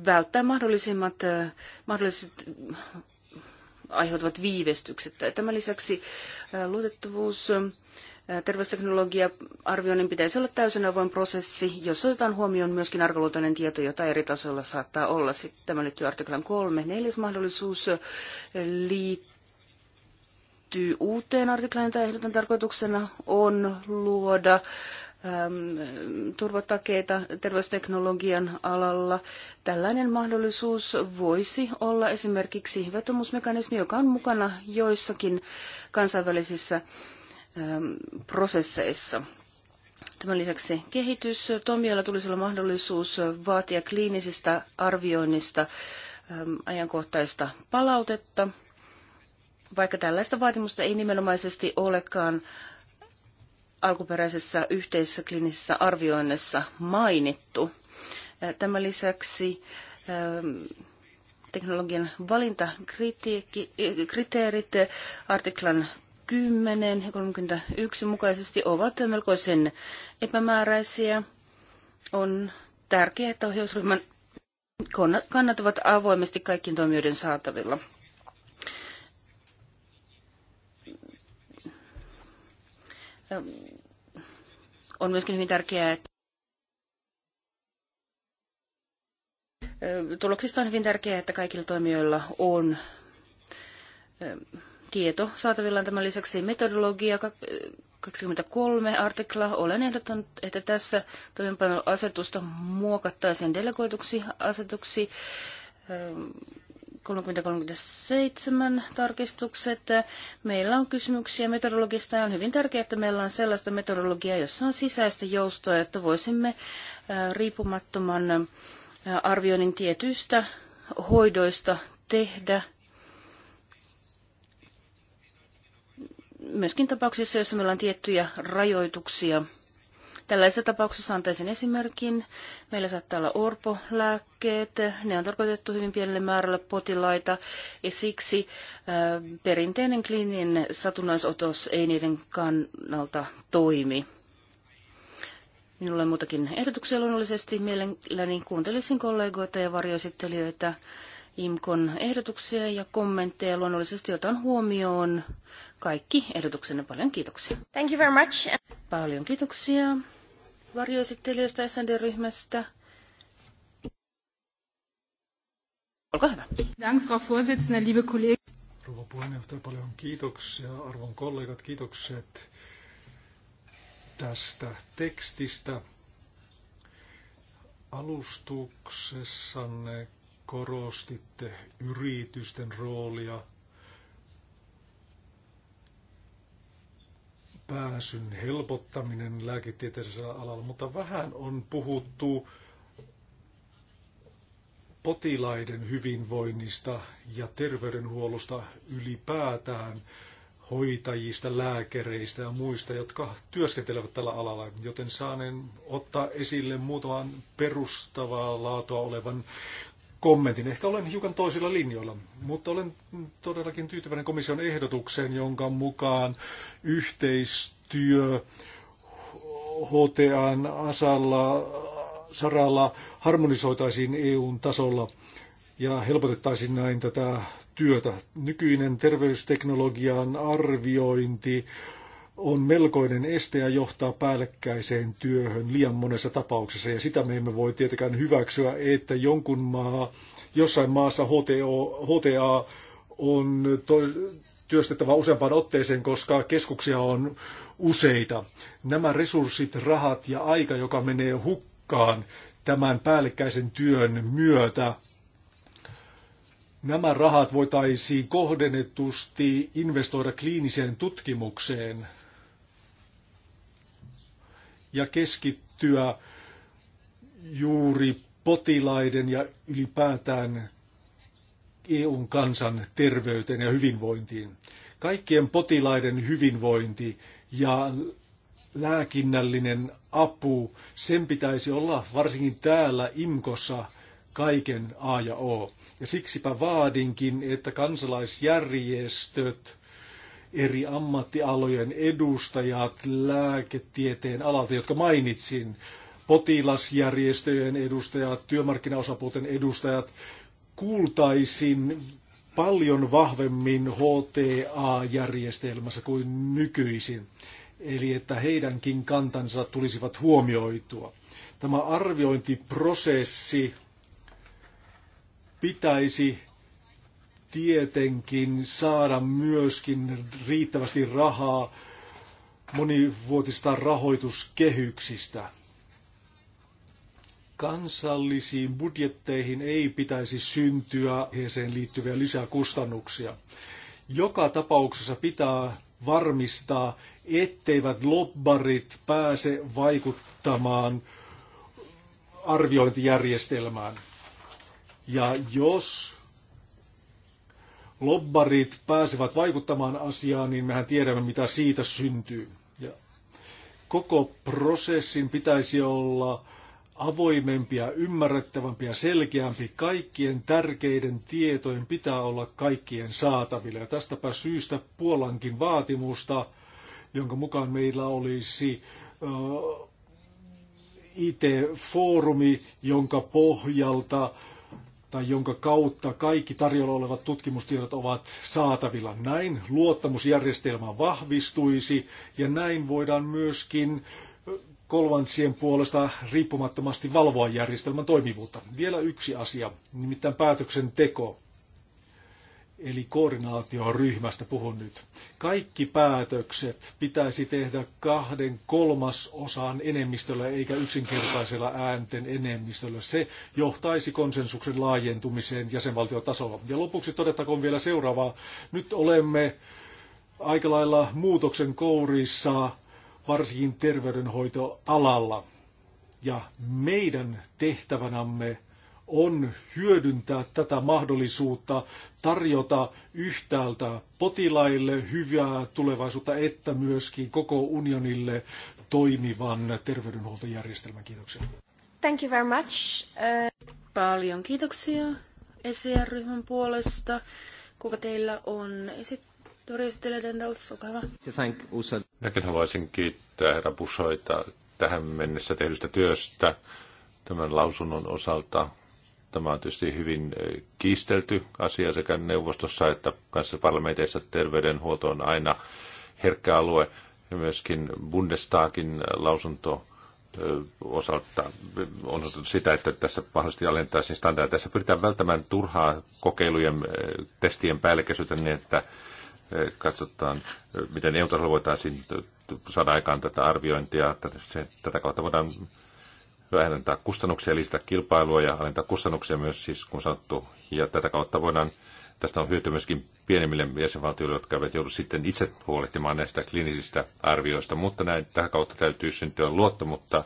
välttää mahdollisimmat, mahdolliset aiheutuvat viivestykset. Tämän lisäksi luotettavuus Terveysteknologia-arvioinnin pitäisi olla täysin avoin prosessi, jossa otetaan huomioon myöskin arkaluontoinen tieto, jota eri tasoilla saattaa olla. Sitten tämä liittyy artiklan kolme. Neljäs mahdollisuus liittyy uuteen artiklaan, jota ehdotan tarkoituksena on luoda turvatakeita terveysteknologian alalla. Tällainen mahdollisuus voisi olla esimerkiksi vetomusmekanismi, joka on mukana joissakin kansainvälisissä Ähm, prosesseissa. Tämän lisäksi kehitys. tomiolla tulisi olla mahdollisuus vaatia kliinisestä arvioinnista ähm, ajankohtaista palautetta, vaikka tällaista vaatimusta ei nimenomaisesti olekaan alkuperäisessä yhteisessä kliinisessä arvioinnissa mainittu. Äh, tämän lisäksi ähm, teknologian valintakriteerit äh, äh, artiklan 10 ja 31 mukaisesti ovat melkoisen epämääräisiä. On tärkeää, että ohjausryhmän kannat ovat avoimesti kaikkien toimijoiden saatavilla. On myöskin hyvin tärkeää, että tuloksista on hyvin tärkeää, että kaikilla toimijoilla on tieto saatavillaan tämän lisäksi metodologia 23 artikla. Olen ehdottanut, että tässä toimeenpanoasetusta muokattaisiin delegoituksi asetuksi 3037 tarkistukset. Meillä on kysymyksiä metodologista ja on hyvin tärkeää, että meillä on sellaista metodologiaa, jossa on sisäistä joustoa, että voisimme riippumattoman arvioinnin tietyistä hoidoista tehdä myöskin tapauksissa, joissa meillä on tiettyjä rajoituksia. Tällaisessa tapauksessa antaisin esimerkin. Meillä saattaa olla orpolääkkeet. Ne on tarkoitettu hyvin pienelle määrälle potilaita ja siksi äh, perinteinen kliininen satunnaisotos ei niiden kannalta toimi. Minulla on muutakin ehdotuksia luonnollisesti. Mielelläni kuuntelisin kollegoita ja varjoesittelijöitä IMKON ehdotuksia ja kommentteja. Luonnollisesti otan huomioon kaikki ehdotuksenne. Paljon kiitoksia. Thank you very much. Paljon kiitoksia varjoesittelijöistä SND-ryhmästä. Olkaa hyvä. Dank, Frau Vorsitzende, liebe Kollegen. Rouva puheenjohtaja, paljon kiitoksia. Arvon kollegat, kiitokset tästä tekstistä. Alustuksessanne korostitte yritysten roolia pääsyn helpottaminen lääketieteellisellä alalla, mutta vähän on puhuttu potilaiden hyvinvoinnista ja terveydenhuollosta ylipäätään, hoitajista, lääkäreistä ja muista, jotka työskentelevät tällä alalla, joten saanen ottaa esille muutaman perustavaa laatua olevan kommentin. Ehkä olen hiukan toisilla linjoilla, mutta olen todellakin tyytyväinen komission ehdotukseen, jonka mukaan yhteistyö HTAn asalla, saralla harmonisoitaisiin EUn tasolla ja helpotettaisiin näin tätä työtä. Nykyinen terveysteknologian arviointi on melkoinen este ja johtaa päällekkäiseen työhön liian monessa tapauksessa. Ja sitä me emme voi tietenkään hyväksyä, että jonkun maa, jossain maassa HTO, HTA on to, työstettävä useampaan otteeseen, koska keskuksia on useita. Nämä resurssit, rahat ja aika, joka menee hukkaan tämän päällekkäisen työn myötä, Nämä rahat voitaisiin kohdennetusti investoida kliiniseen tutkimukseen, ja keskittyä juuri potilaiden ja ylipäätään EUn kansan terveyteen ja hyvinvointiin. Kaikkien potilaiden hyvinvointi ja lääkinnällinen apu, sen pitäisi olla varsinkin täällä IMKOssa kaiken A ja O. Ja siksipä vaadinkin, että kansalaisjärjestöt eri ammattialojen edustajat lääketieteen alalta, jotka mainitsin, potilasjärjestöjen edustajat, työmarkkinaosapuolten edustajat, kuultaisin paljon vahvemmin HTA-järjestelmässä kuin nykyisin. Eli että heidänkin kantansa tulisivat huomioitua. Tämä arviointiprosessi pitäisi tietenkin saada myöskin riittävästi rahaa monivuotista rahoituskehyksistä. Kansallisiin budjetteihin ei pitäisi syntyä heeseen liittyviä lisäkustannuksia. Joka tapauksessa pitää varmistaa, etteivät lobbarit pääse vaikuttamaan arviointijärjestelmään. Ja jos lobbarit pääsevät vaikuttamaan asiaan, niin mehän tiedämme, mitä siitä syntyy. Ja koko prosessin pitäisi olla avoimempi ja ymmärrettävämpi ja selkeämpi. Kaikkien tärkeiden tietojen pitää olla kaikkien saatavilla. Ja tästäpä syystä Puolankin vaatimusta, jonka mukaan meillä olisi IT-foorumi, jonka pohjalta tai jonka kautta kaikki tarjolla olevat tutkimustiedot ovat saatavilla. Näin luottamusjärjestelmä vahvistuisi ja näin voidaan myöskin kolmansien puolesta riippumattomasti valvoa järjestelmän toimivuutta. Vielä yksi asia, nimittäin päätöksenteko eli koordinaatioryhmästä puhun nyt. Kaikki päätökset pitäisi tehdä kahden kolmasosan enemmistöllä eikä yksinkertaisella äänten enemmistöllä. Se johtaisi konsensuksen laajentumiseen jäsenvaltiotasolla. Ja lopuksi todettakoon vielä seuraavaa. Nyt olemme aika lailla muutoksen kourissa varsinkin terveydenhoitoalalla. Ja meidän tehtävänämme on hyödyntää tätä mahdollisuutta tarjota yhtäältä potilaille hyvää tulevaisuutta, että myöskin koko unionille toimivan terveydenhuoltojärjestelmän. Kiitoksia. Thank you very much. Uh... Paljon kiitoksia ECR-ryhmän puolesta. Kuka teillä on esittää? Minäkin haluaisin kiittää herra Busoita tähän mennessä tehdystä työstä tämän lausunnon osalta. Tämä on tietysti hyvin eh, kiistelty asia sekä neuvostossa että kanssa parlamenteissa. Terveydenhuolto on aina herkkä alue. Ja myöskin Bundestagin eh, lausunto eh, osalta on sitä, että tässä mahdollisesti alentaisiin standardia. Tässä pyritään välttämään turhaa kokeilujen testien päällekkäisyyttä niin, että katsotaan, miten EU-tasolla voitaisiin saada aikaan tätä arviointia. Tätä kautta voidaan vähentää kustannuksia, lisätä kilpailua ja alentaa kustannuksia myös, siis kun sanottu. Ja tätä kautta voidaan, tästä on hyöty myöskin pienemmille jäsenvaltioille, jotka eivät joudu sitten itse huolehtimaan näistä kliinisistä arvioista. Mutta näin, tähän kautta täytyy syntyä luottamutta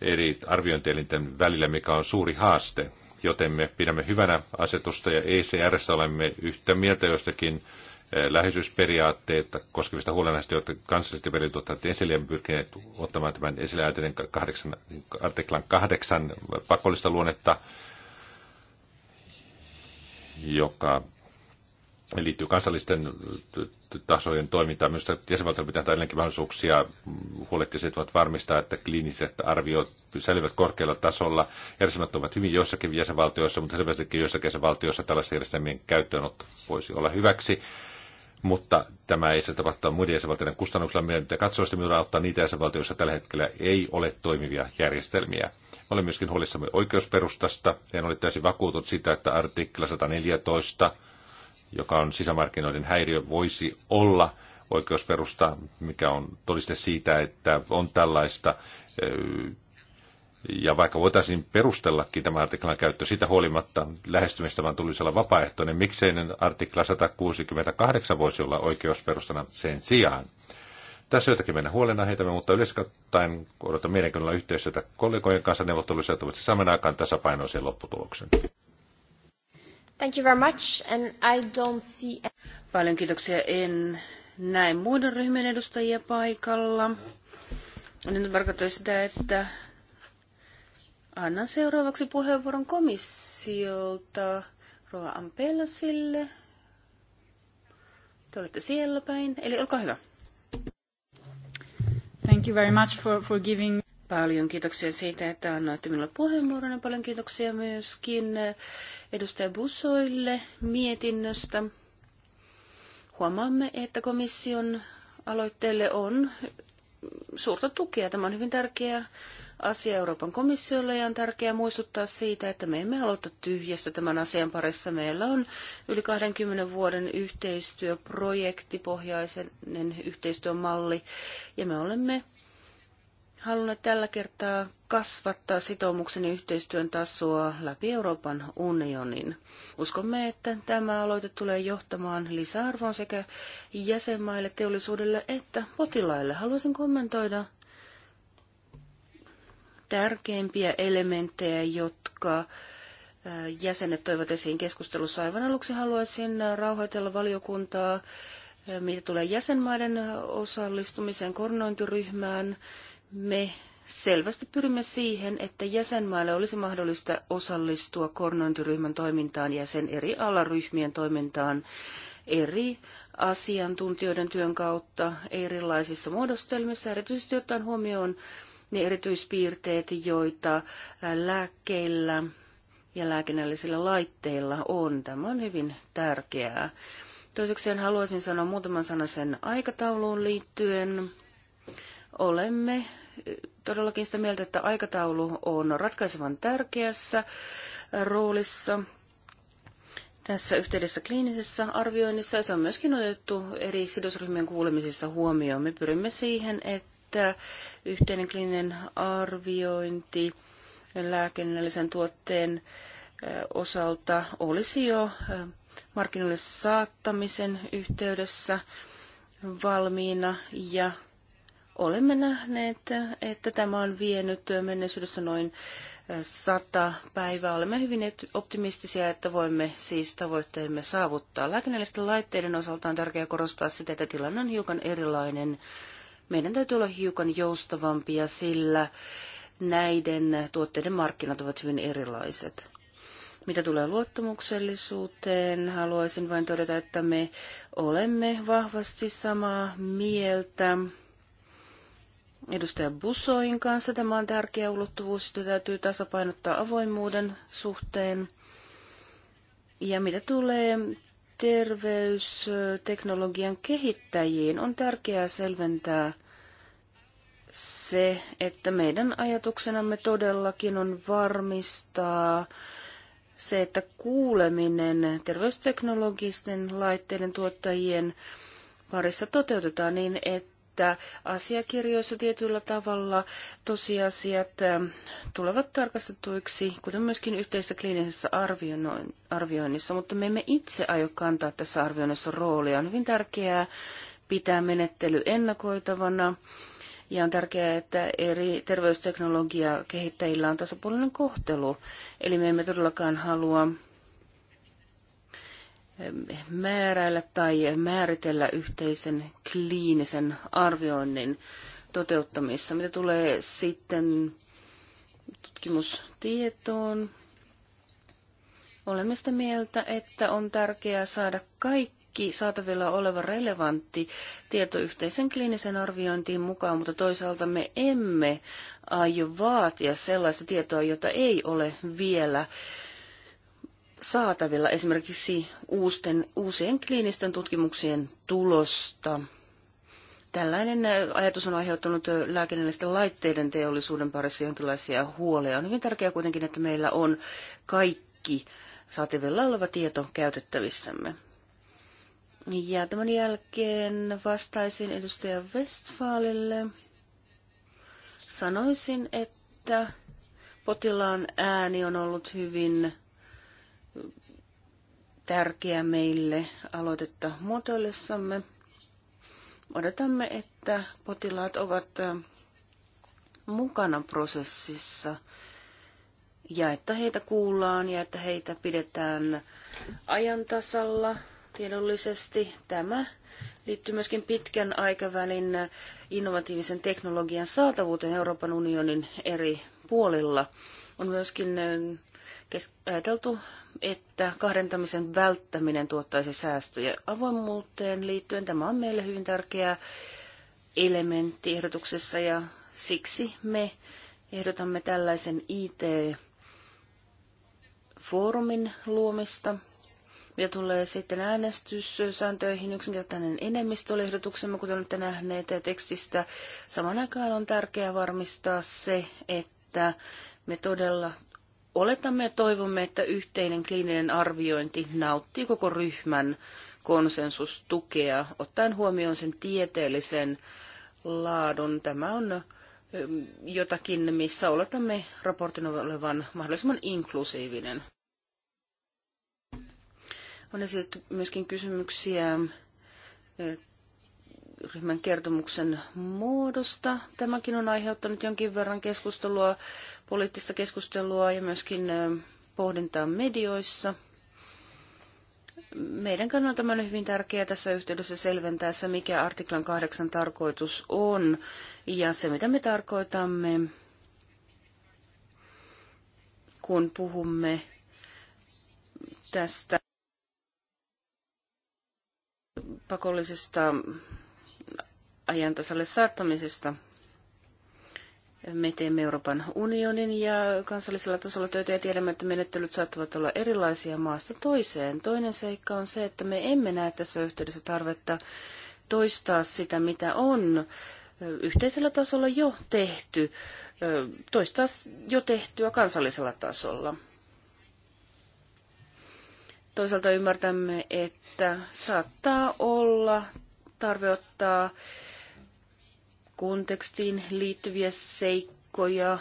eri arviointielinten välillä, mikä on suuri haaste. Joten me pidämme hyvänä asetusta ja ECRS olemme yhtä mieltä joistakin Eh, läheisyysperiaatteita koskevista huolenaiheista, joita kansallisesti perin ottavat esille ja pyrkineet ottamaan tämän esille ajatellen kahdeksan, artiklan kahdeksan pakollista luonnetta, joka liittyy kansallisten tasojen toimintaan. Minusta jäsenvaltioilla pitää antaa edelleenkin mahdollisuuksia huolehtia siitä, että varmistaa, että kliiniset arviot säilyvät korkealla tasolla. Järjestelmät ovat hyvin joissakin jäsenvaltioissa, mutta selvästikin joissakin jäsenvaltioissa tällaisen järjestelmien käyttöönotto voisi olla hyväksi mutta tämä ei se tapahtua muiden jäsenvaltioiden kustannuksella. Meidän pitää katsoa sitä, millä auttaa niitä jäsenvaltioita, joissa tällä hetkellä ei ole toimivia järjestelmiä. Olen myöskin huolissamme oikeusperustasta. En ole täysin vakuutunut siitä, että artikla 114, joka on sisämarkkinoiden häiriö, voisi olla oikeusperusta, mikä on todiste siitä, että on tällaista ja vaikka voitaisiin perustellakin tämä artiklan käyttö sitä huolimatta, lähestymistä vaan tulisi olla vapaaehtoinen, miksei artikla 168 voisi olla oikeusperustana sen sijaan. Tässä jotakin meidän huolenaiheitamme, mutta yleiskattaen odotan mielenkiinnolla yhteistyötä kollegojen kanssa neuvotteluissa, että voisi saman aikaan tasapainoisen lopputuloksen. Thank you very much, and I don't see... Paljon kiitoksia. En näe muiden ryhmien edustajia paikalla. Nyt tarkoittaa sitä, että Annan seuraavaksi puheenvuoron komissiolta Roa Ampelasille. Te olette siellä päin, eli olkaa hyvä. Thank you very much for, for giving... Paljon kiitoksia siitä, että annoitte minulle puheenvuoron ja paljon kiitoksia myöskin edustaja Busoille mietinnöstä. Huomaamme, että komission aloitteelle on suurta tukea. Tämä on hyvin tärkeä asia Euroopan komissiolle ja on tärkeää muistuttaa siitä, että me emme aloita tyhjästä tämän asian parissa. Meillä on yli 20 vuoden yhteistyöprojekti, pohjainen yhteistyömalli ja me olemme halunneet tällä kertaa kasvattaa sitoumuksen ja yhteistyön tasoa läpi Euroopan unionin. Uskomme, että tämä aloite tulee johtamaan lisäarvoon sekä jäsenmaille, teollisuudelle että potilaille. Haluaisin kommentoida tärkeimpiä elementtejä, jotka jäsenet toivat esiin keskustelussa. Aivan aluksi haluaisin rauhoitella valiokuntaa, mitä tulee jäsenmaiden osallistumiseen koordinointiryhmään. Me selvästi pyrimme siihen, että jäsenmaille olisi mahdollista osallistua koordinointiryhmän toimintaan ja sen eri alaryhmien toimintaan eri asiantuntijoiden työn kautta erilaisissa muodostelmissa, erityisesti ottaen huomioon ne erityispiirteet, joita lääkkeillä ja lääkinnällisillä laitteilla on. Tämä on hyvin tärkeää. Toisekseen haluaisin sanoa muutaman sanan sen aikatauluun liittyen. Olemme todellakin sitä mieltä, että aikataulu on ratkaisevan tärkeässä roolissa tässä yhteydessä kliinisessä arvioinnissa. Ja se on myöskin otettu eri sidosryhmien kuulemisissa huomioon. Me pyrimme siihen, että yhteinen klininen arviointi lääkinnällisen tuotteen osalta olisi jo markkinoille saattamisen yhteydessä valmiina ja olemme nähneet, että tämä on vienyt menneisyydessä noin sata päivää. Olemme hyvin optimistisia, että voimme siis tavoitteemme saavuttaa. Lääkinnällisten laitteiden osalta on tärkeää korostaa sitä, että tilanne on hiukan erilainen meidän täytyy olla hiukan joustavampia, sillä näiden tuotteiden markkinat ovat hyvin erilaiset. Mitä tulee luottamuksellisuuteen, haluaisin vain todeta, että me olemme vahvasti samaa mieltä. Edustaja Busoin kanssa tämä on tärkeä ulottuvuus, jota täytyy tasapainottaa avoimuuden suhteen. Ja mitä tulee terveysteknologian kehittäjiin, on tärkeää selventää se, että meidän ajatuksenamme todellakin on varmistaa se, että kuuleminen terveysteknologisten laitteiden tuottajien parissa toteutetaan niin, että että asiakirjoissa tietyllä tavalla tosiasiat ähm, tulevat tarkastetuiksi, kuten myöskin yhteisessä kliinisessä arvioinnissa, mutta me emme itse aio kantaa tässä arvioinnissa roolia. On hyvin tärkeää pitää menettely ennakoitavana. Ja on tärkeää, että eri terveysteknologia on tasapuolinen kohtelu. Eli me emme todellakaan halua määräillä tai määritellä yhteisen kliinisen arvioinnin toteuttamissa. Mitä tulee sitten tutkimustietoon, olemme sitä mieltä, että on tärkeää saada kaikki saatavilla oleva relevantti tieto yhteisen kliinisen arviointiin mukaan, mutta toisaalta me emme aio vaatia sellaista tietoa, jota ei ole vielä äh, saatavilla esimerkiksi uusten, uusien kliinisten tutkimuksien tulosta. Tällainen äh, ajatus on aiheuttanut äh, lääkinnällisten laitteiden teollisuuden parissa jonkinlaisia huolia. On hyvin tärkeää kuitenkin, että meillä on kaikki saatavilla oleva tieto käytettävissämme. Ja tämän jälkeen vastaisin edustaja Westfalille. Sanoisin, että potilaan ääni on ollut hyvin tärkeä meille aloitetta muotoillessamme. Odotamme, että potilaat ovat mukana prosessissa ja että heitä kuullaan ja että heitä pidetään ajan tasalla tiedollisesti. Tämä liittyy myöskin pitkän aikavälin innovatiivisen teknologian saatavuuteen Euroopan unionin eri puolilla. On myöskin ajateltu että kahdentamisen välttäminen tuottaisi säästöjä avoimuuteen liittyen. Tämä on meille hyvin tärkeä elementti ehdotuksessa ja siksi me ehdotamme tällaisen IT-foorumin luomista. Ja tulee sitten äänestyssääntöihin yksinkertainen enemmistö oli ehdotuksemme, kuten olette nähneet tekstistä. Saman aikaan on tärkeää varmistaa se, että me todella oletamme ja toivomme, että yhteinen kliininen arviointi nauttii koko ryhmän konsensustukea, ottaen huomioon sen tieteellisen laadun. Tämä on jotakin, missä oletamme raportin olevan mahdollisimman inklusiivinen. On esitetty myöskin kysymyksiä ryhmän kertomuksen muodosta. Tämäkin on aiheuttanut jonkin verran keskustelua, poliittista keskustelua ja myöskin pohdintaa medioissa. Meidän kannalta on hyvin tärkeää tässä yhteydessä selventää se, mikä artiklan kahdeksan tarkoitus on ja se, mitä me tarkoitamme, kun puhumme tästä pakollisesta ajan tasalle saattamisesta. Me teemme Euroopan unionin ja kansallisella tasolla töitä ja tiedämme, että menettelyt saattavat olla erilaisia maasta toiseen. Toinen seikka on se, että me emme näe tässä yhteydessä tarvetta toistaa sitä, mitä on yhteisellä tasolla jo tehty, toistaa jo tehtyä kansallisella tasolla. Toisaalta ymmärtämme, että saattaa olla tarve ottaa kontekstiin liittyviä seikkoja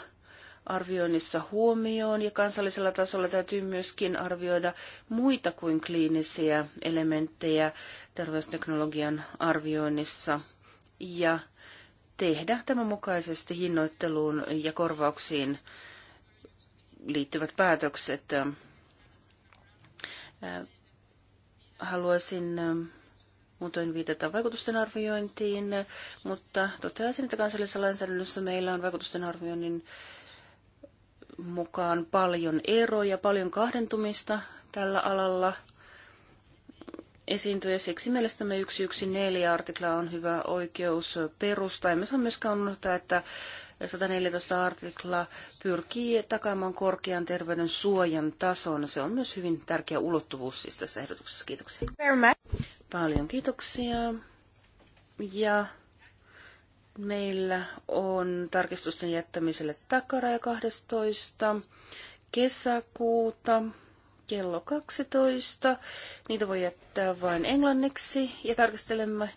arvioinnissa huomioon ja kansallisella tasolla täytyy myöskin arvioida muita kuin kliinisiä elementtejä terveysteknologian arvioinnissa ja tehdä tämän mukaisesti hinnoitteluun ja korvauksiin liittyvät päätökset. Haluaisin Muutoin viitataan vaikutusten arviointiin, mutta toteaisin, että kansallisessa lainsäädännössä meillä on vaikutusten arvioinnin mukaan paljon eroja, paljon kahdentumista tällä alalla esiintyy ja siksi mielestämme 114 artikla on hyvä oikeus perusta. Emme saa myöskään unohtaa, että 114 artikla pyrkii takaamaan korkean terveyden suojan tason. Se on myös hyvin tärkeä ulottuvuus siis tässä ehdotuksessa. Kiitoksia. Paljon kiitoksia. Ja meillä on tarkistusten jättämiselle takaraja 12. kesäkuuta kello 12. Niitä voi jättää vain englanniksi ja tarkistelemme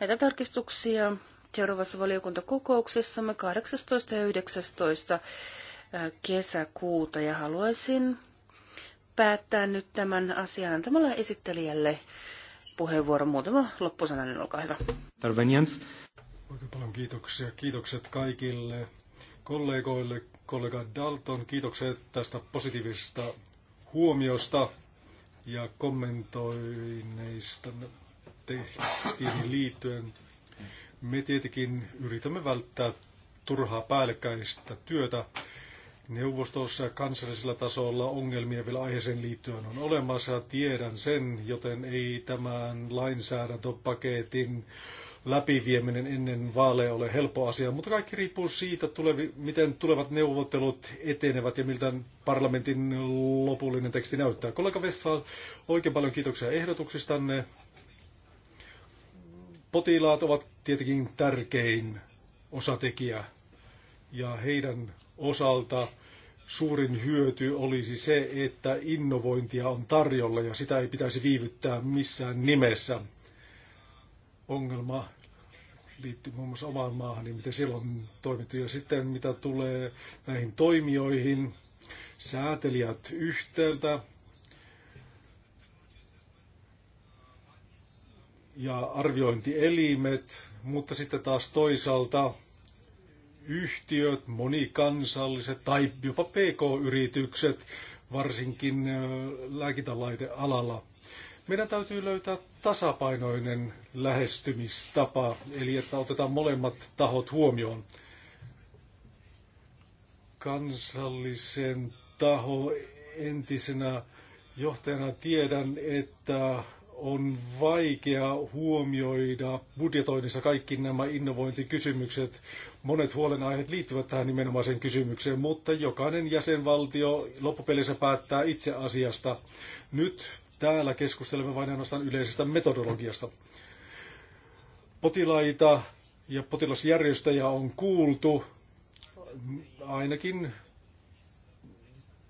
näitä tarkistuksia seuraavassa valiokuntakokouksessamme 18. ja 19. kesäkuuta ja haluaisin päättää nyt tämän asian antamalla esittelijälle puheenvuoron. Muutama loppusananen, olkaa hyvä. Tarvenians. Oikein paljon kiitoksia. Kiitokset kaikille kollegoille. Kollega Dalton, kiitokset tästä positiivisesta huomiosta ja kommentoineista tekstiihin liittyen. Me tietenkin yritämme välttää turhaa päällekkäistä työtä. Neuvostossa ja kansallisella tasolla ongelmia vielä aiheeseen liittyen on olemassa. Tiedän sen, joten ei tämän lainsäädäntöpaketin läpivieminen ennen vaaleja ole helppo asia, mutta kaikki riippuu siitä, tulevi, miten tulevat neuvottelut etenevät ja miltä parlamentin lopullinen teksti näyttää. Kollega Westphal, oikein paljon kiitoksia ehdotuksistanne. Potilaat ovat tietenkin tärkein osatekijä ja heidän osalta suurin hyöty olisi se, että innovointia on tarjolla ja sitä ei pitäisi viivyttää missään nimessä. Ongelma liittyy muun muassa omaan maahan, niin miten silloin on toimittu. Ja sitten mitä tulee näihin toimijoihin, säätelijät yhteyttä, ja arviointielimet, mutta sitten taas toisaalta yhtiöt, monikansalliset tai jopa pk-yritykset, varsinkin lääkintälaitealalla. Meidän täytyy löytää tasapainoinen lähestymistapa, eli että otetaan molemmat tahot huomioon. Kansallisen taho entisenä johtajana tiedän, että on vaikea huomioida budjetoinnissa kaikki nämä innovointikysymykset. Monet huolenaiheet liittyvät tähän nimenomaiseen kysymykseen, mutta jokainen jäsenvaltio loppupeleissä päättää itse asiasta. Nyt täällä keskustelemme vain ainoastaan yleisestä metodologiasta. Potilaita ja potilasjärjestöjä on kuultu, ainakin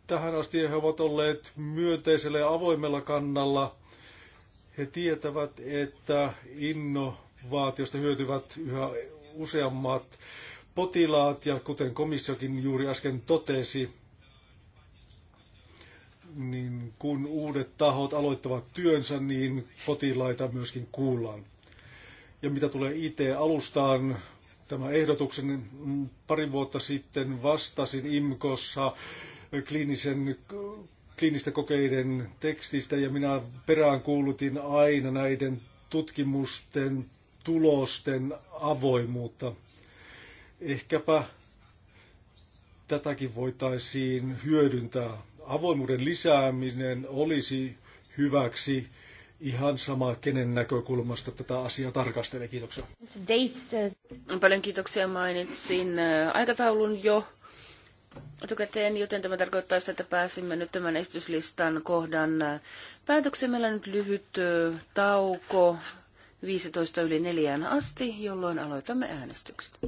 tähän asti he ovat olleet myönteisellä ja avoimella kannalla – he tietävät, että innovaatiosta hyötyvät yhä useammat potilaat ja kuten komissiokin juuri äsken totesi, niin kun uudet tahot aloittavat työnsä, niin potilaita myöskin kuullaan. Ja mitä tulee IT-alustaan, tämä ehdotuksen pari vuotta sitten vastasin IMKossa kliinisen kliinistä kokeiden tekstistä ja minä peräänkuulutin aina näiden tutkimusten tulosten avoimuutta. Ehkäpä tätäkin voitaisiin hyödyntää. Avoimuuden lisääminen olisi hyväksi ihan sama, kenen näkökulmasta tätä asiaa tarkastelee. Kiitoksia. Äh, Paljon kiitoksia mainitsin äh, aikataulun jo etukäteen, joten tämä tarkoittaa sitä, että pääsimme nyt tämän esityslistan kohdan päätöksen. Meillä on nyt lyhyt tauko 15 yli neljään asti, jolloin aloitamme äänestykset.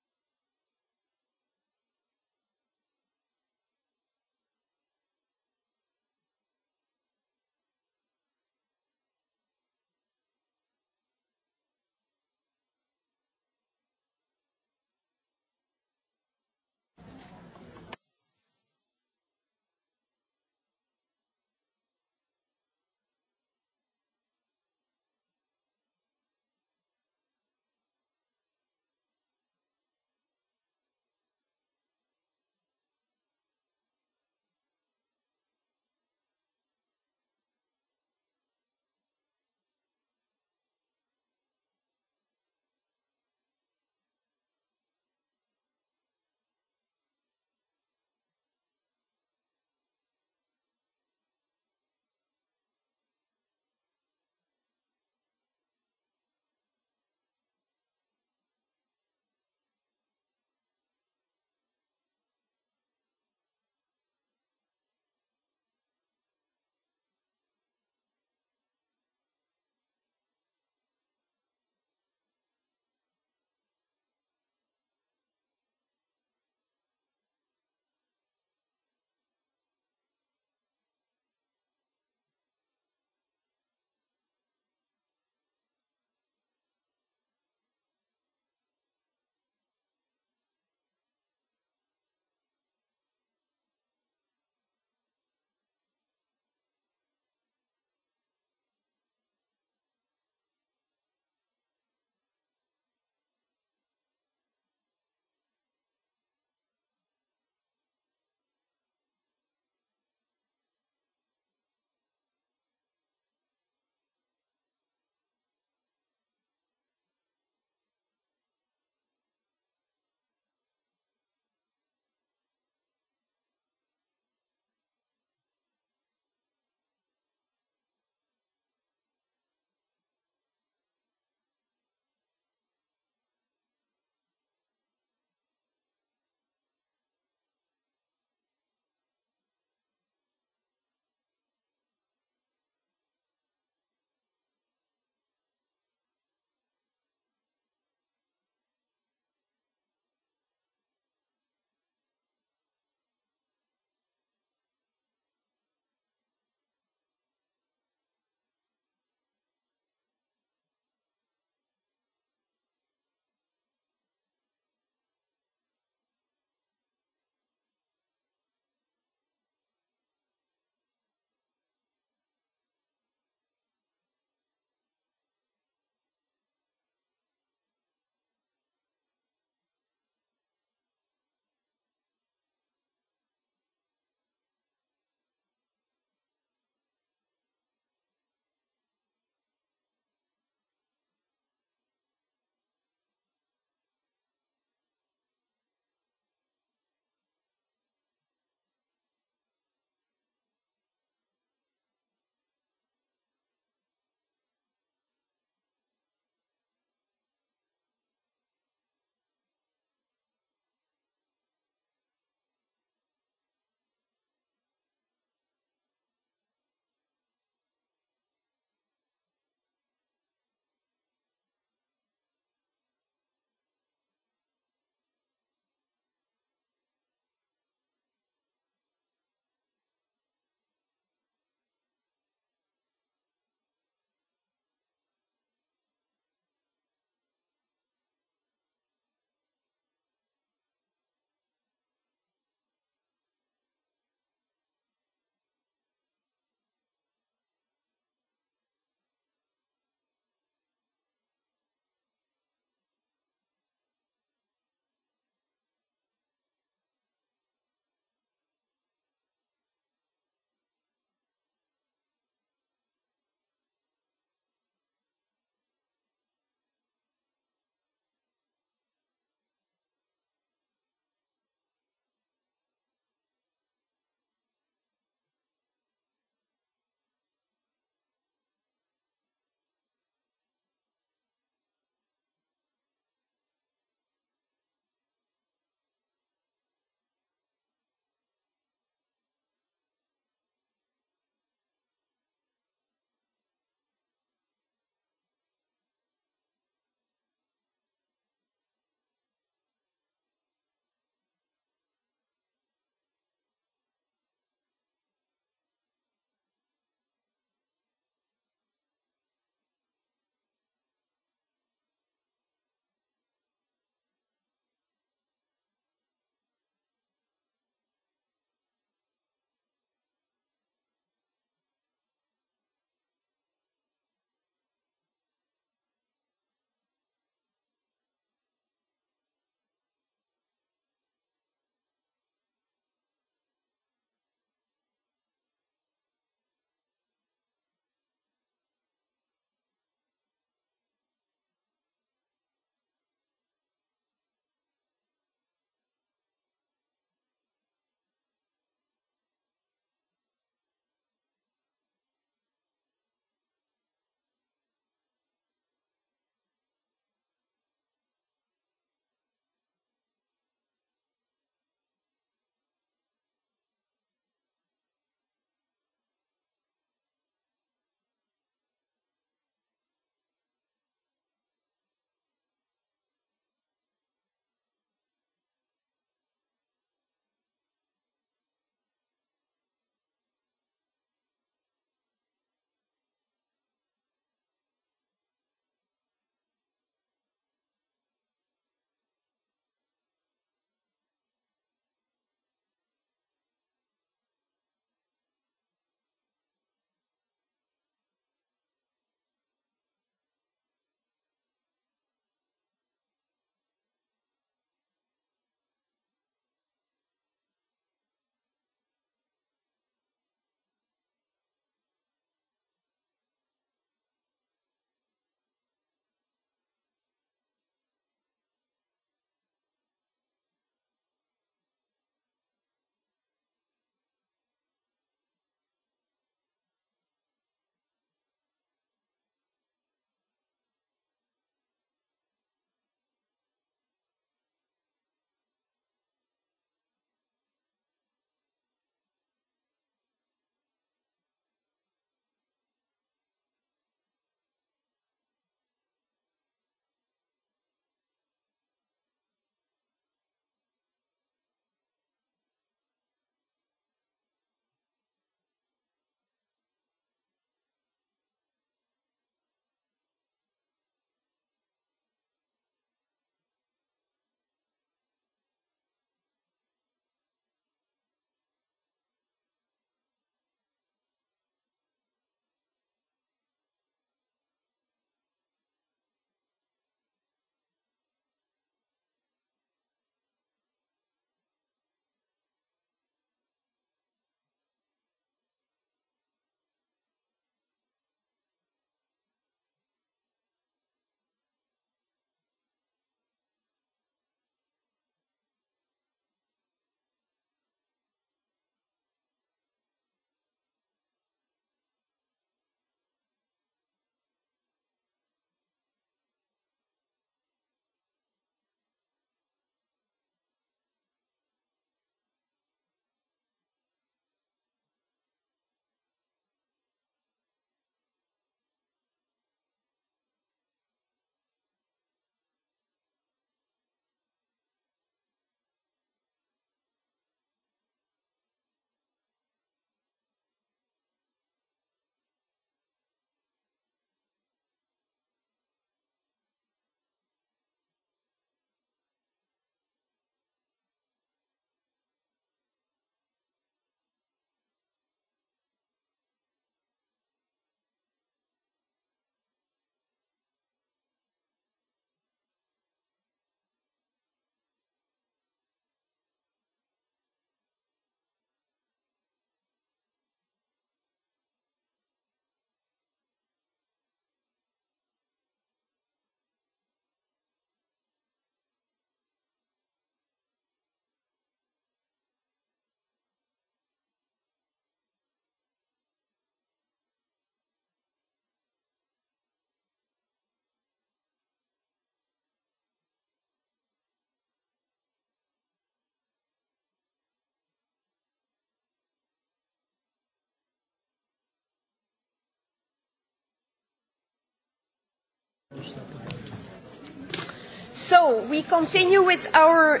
So, we continue with our...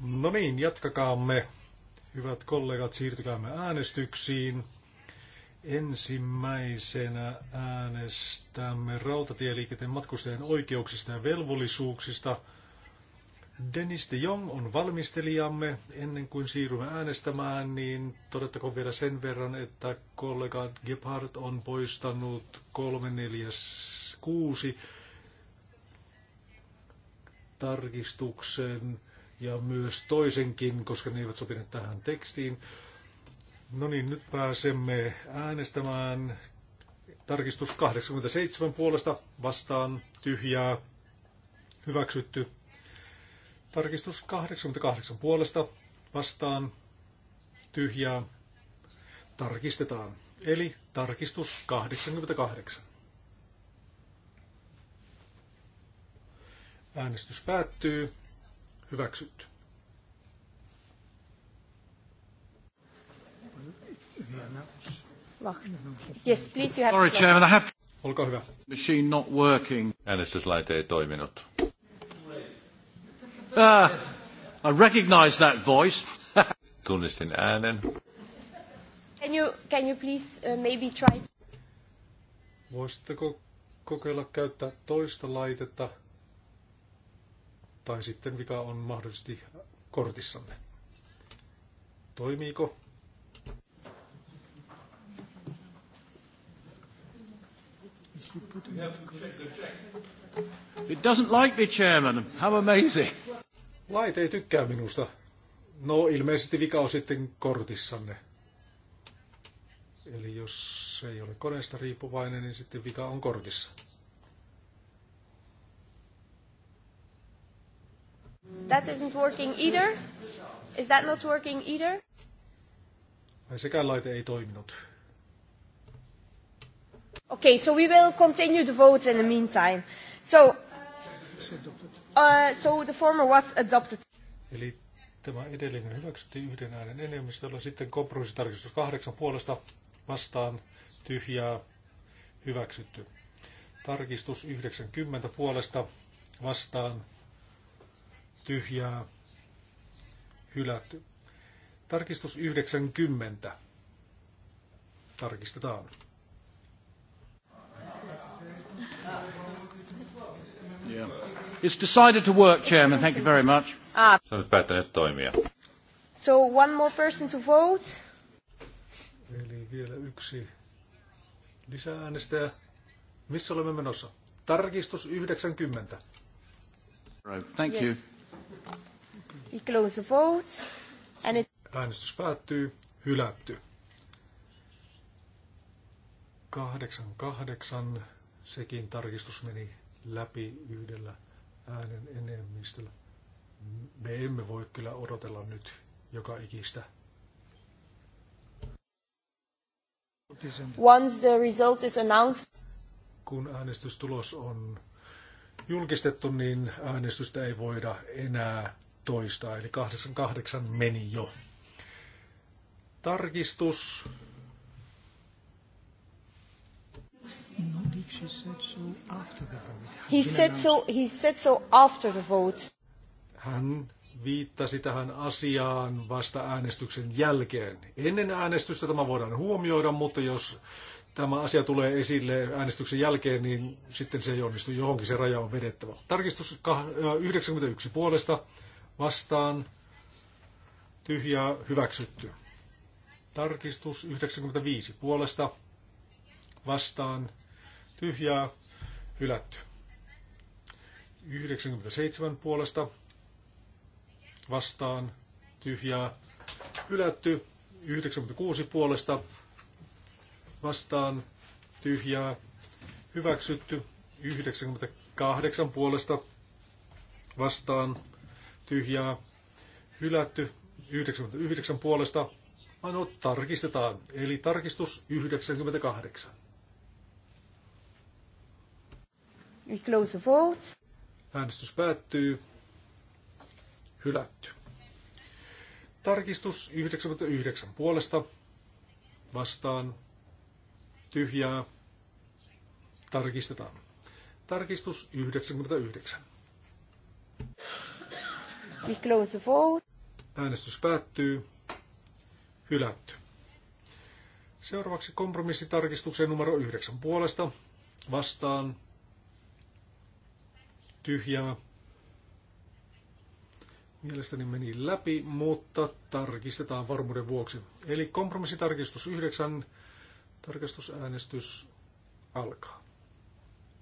No niin, jatkakaamme. Hyvät kollegat, siirtykäämme äänestyksiin. Ensimmäisenä äänestämme rautatieliikenteen matkustajien oikeuksista ja velvollisuuksista. Dennis de Jong on valmistelijamme. Ennen kuin siirrymme äänestämään, niin todettakoon vielä sen verran, että kollega Gebhardt on poistanut 346 tarkistuksen ja myös toisenkin, koska ne eivät sopineet tähän tekstiin. No niin, nyt pääsemme äänestämään. Tarkistus 87 puolesta vastaan tyhjää hyväksytty. Tarkistus 88 puolesta vastaan tyhjää tarkistetaan. Eli tarkistus 88. Äänestys päättyy. Hyväksytty. Yes, please, you have Sorry, Chairman, I have... Olkaa hyvä. Machine not working. Äänestyslaite ei toiminut. Uh, I recognize that voice. Tunnistin äänen. Can you, can you please uh, maybe try... Voisitteko kokeilla käyttää toista laitetta? tai sitten vika on mahdollisesti kortissanne. Toimiiko? It doesn't like me, Chairman. How amazing. Laite ei tykkää minusta. No, ilmeisesti vika on sitten kortissanne. Eli jos se ei ole koneesta riippuvainen, niin sitten vika on kortissa. That isn't working either. Is that not working either? Ai sekään laite ei toiminut. Okay, so we will continue the votes in the meantime. So, uh, so the former was adopted. Eli tämä edellinen hyväksyttiin yhden äänen enemmistöllä. Sitten kompromissitarkistus kahdeksan puolesta vastaan tyhjää hyväksytty. Tarkistus 90 puolesta vastaan tyhjää hylätty. Tarkistus 90. Tarkistetaan. Yeah. It's decided to work, Chairman. Thank you very much. Ah. Se on nyt päättänyt toimia. So one more person to vote. Eli vielä yksi lisääänestäjä. Missä olemme menossa? Tarkistus 90. Right. Thank yes. you. We close the vote. And it... Äänestys päättyy. Hylätty. 88 sekin tarkistus meni läpi yhdellä äänen enemmistöllä. Me emme voi kyllä odotella nyt joka ikistä. Once the result is announced. Kun äänestystulos on julkistettu, niin äänestystä ei voida enää toistaa, eli 88 meni jo. Tarkistus. He he after the vote. Hän viittasi tähän asiaan vasta äänestyksen jälkeen. Ennen äänestystä tämä voidaan huomioida, mutta jos tämä asia tulee esille äänestyksen jälkeen, niin sitten se ei onnistu. Johonkin se raja on vedettävä. Tarkistus 91 puolesta vastaan tyhjää hyväksytty. Tarkistus 95 puolesta vastaan tyhjää hylätty. 97 puolesta vastaan tyhjää hylätty. 96 puolesta vastaan tyhjää hyväksytty. 98 puolesta vastaan tyhjää hylätty. 99 puolesta Ainoa tarkistetaan. Eli tarkistus 98. We close the vote. Äänestys päättyy. Hylätty. Tarkistus 99 puolesta. Vastaan tyhjää, tarkistetaan. Tarkistus 99. We close the vote. Äänestys päättyy. Hylätty. Seuraavaksi kompromissitarkistuksen numero 9 puolesta. Vastaan. Tyhjää. Mielestäni meni läpi, mutta tarkistetaan varmuuden vuoksi. Eli kompromissitarkistus 9 Tarkastusäänestys alkaa.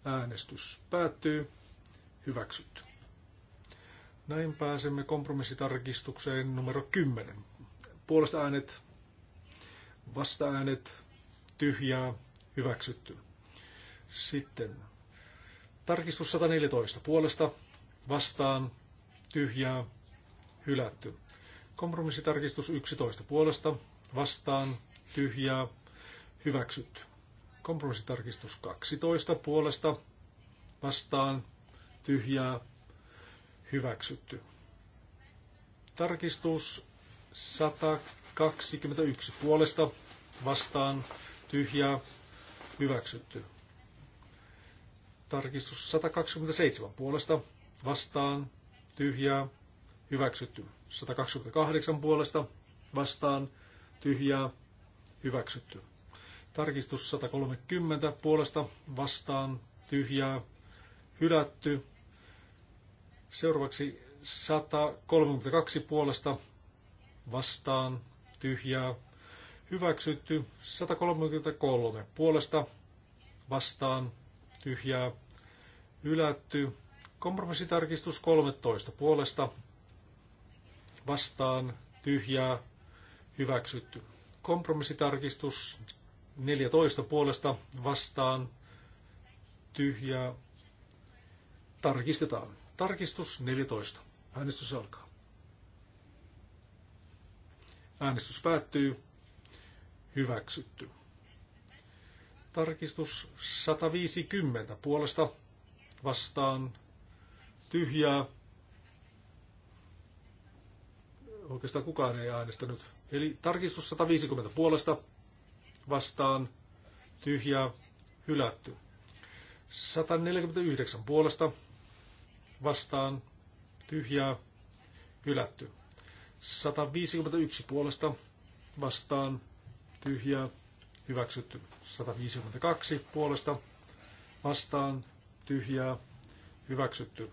Äänestys päättyy. Hyväksytty. Näin pääsemme kompromissitarkistukseen numero 10. Puolesta äänet, vasta äänet, tyhjää, hyväksytty. Sitten tarkistus 114. Puolesta, vastaan, tyhjää, hylätty. Kompromissitarkistus 11. Puolesta, vastaan, tyhjää, hyväksytty. Kompromissitarkistus 12 puolesta vastaan tyhjää hyväksytty. Tarkistus 121 puolesta vastaan tyhjää hyväksytty. Tarkistus 127 puolesta vastaan tyhjää hyväksytty. 128 puolesta vastaan tyhjää hyväksytty. Tarkistus 130 puolesta vastaan tyhjää hylätty. Seuraavaksi 132 puolesta vastaan tyhjää hyväksytty. 133 puolesta vastaan tyhjää hylätty. Kompromissitarkistus 13 puolesta vastaan tyhjää hyväksytty. Kompromissitarkistus 14 puolesta vastaan tyhjää. Tarkistetaan. Tarkistus 14. Äänestys alkaa. Äänestys päättyy. Hyväksytty. Tarkistus 150 puolesta vastaan tyhjää. Oikeastaan kukaan ei äänestänyt. Eli tarkistus 150 puolesta vastaan tyhjää hylätty. 149 puolesta vastaan tyhjää hylätty. 151 puolesta vastaan tyhjää hyväksytty. 152 puolesta vastaan tyhjää hyväksytty.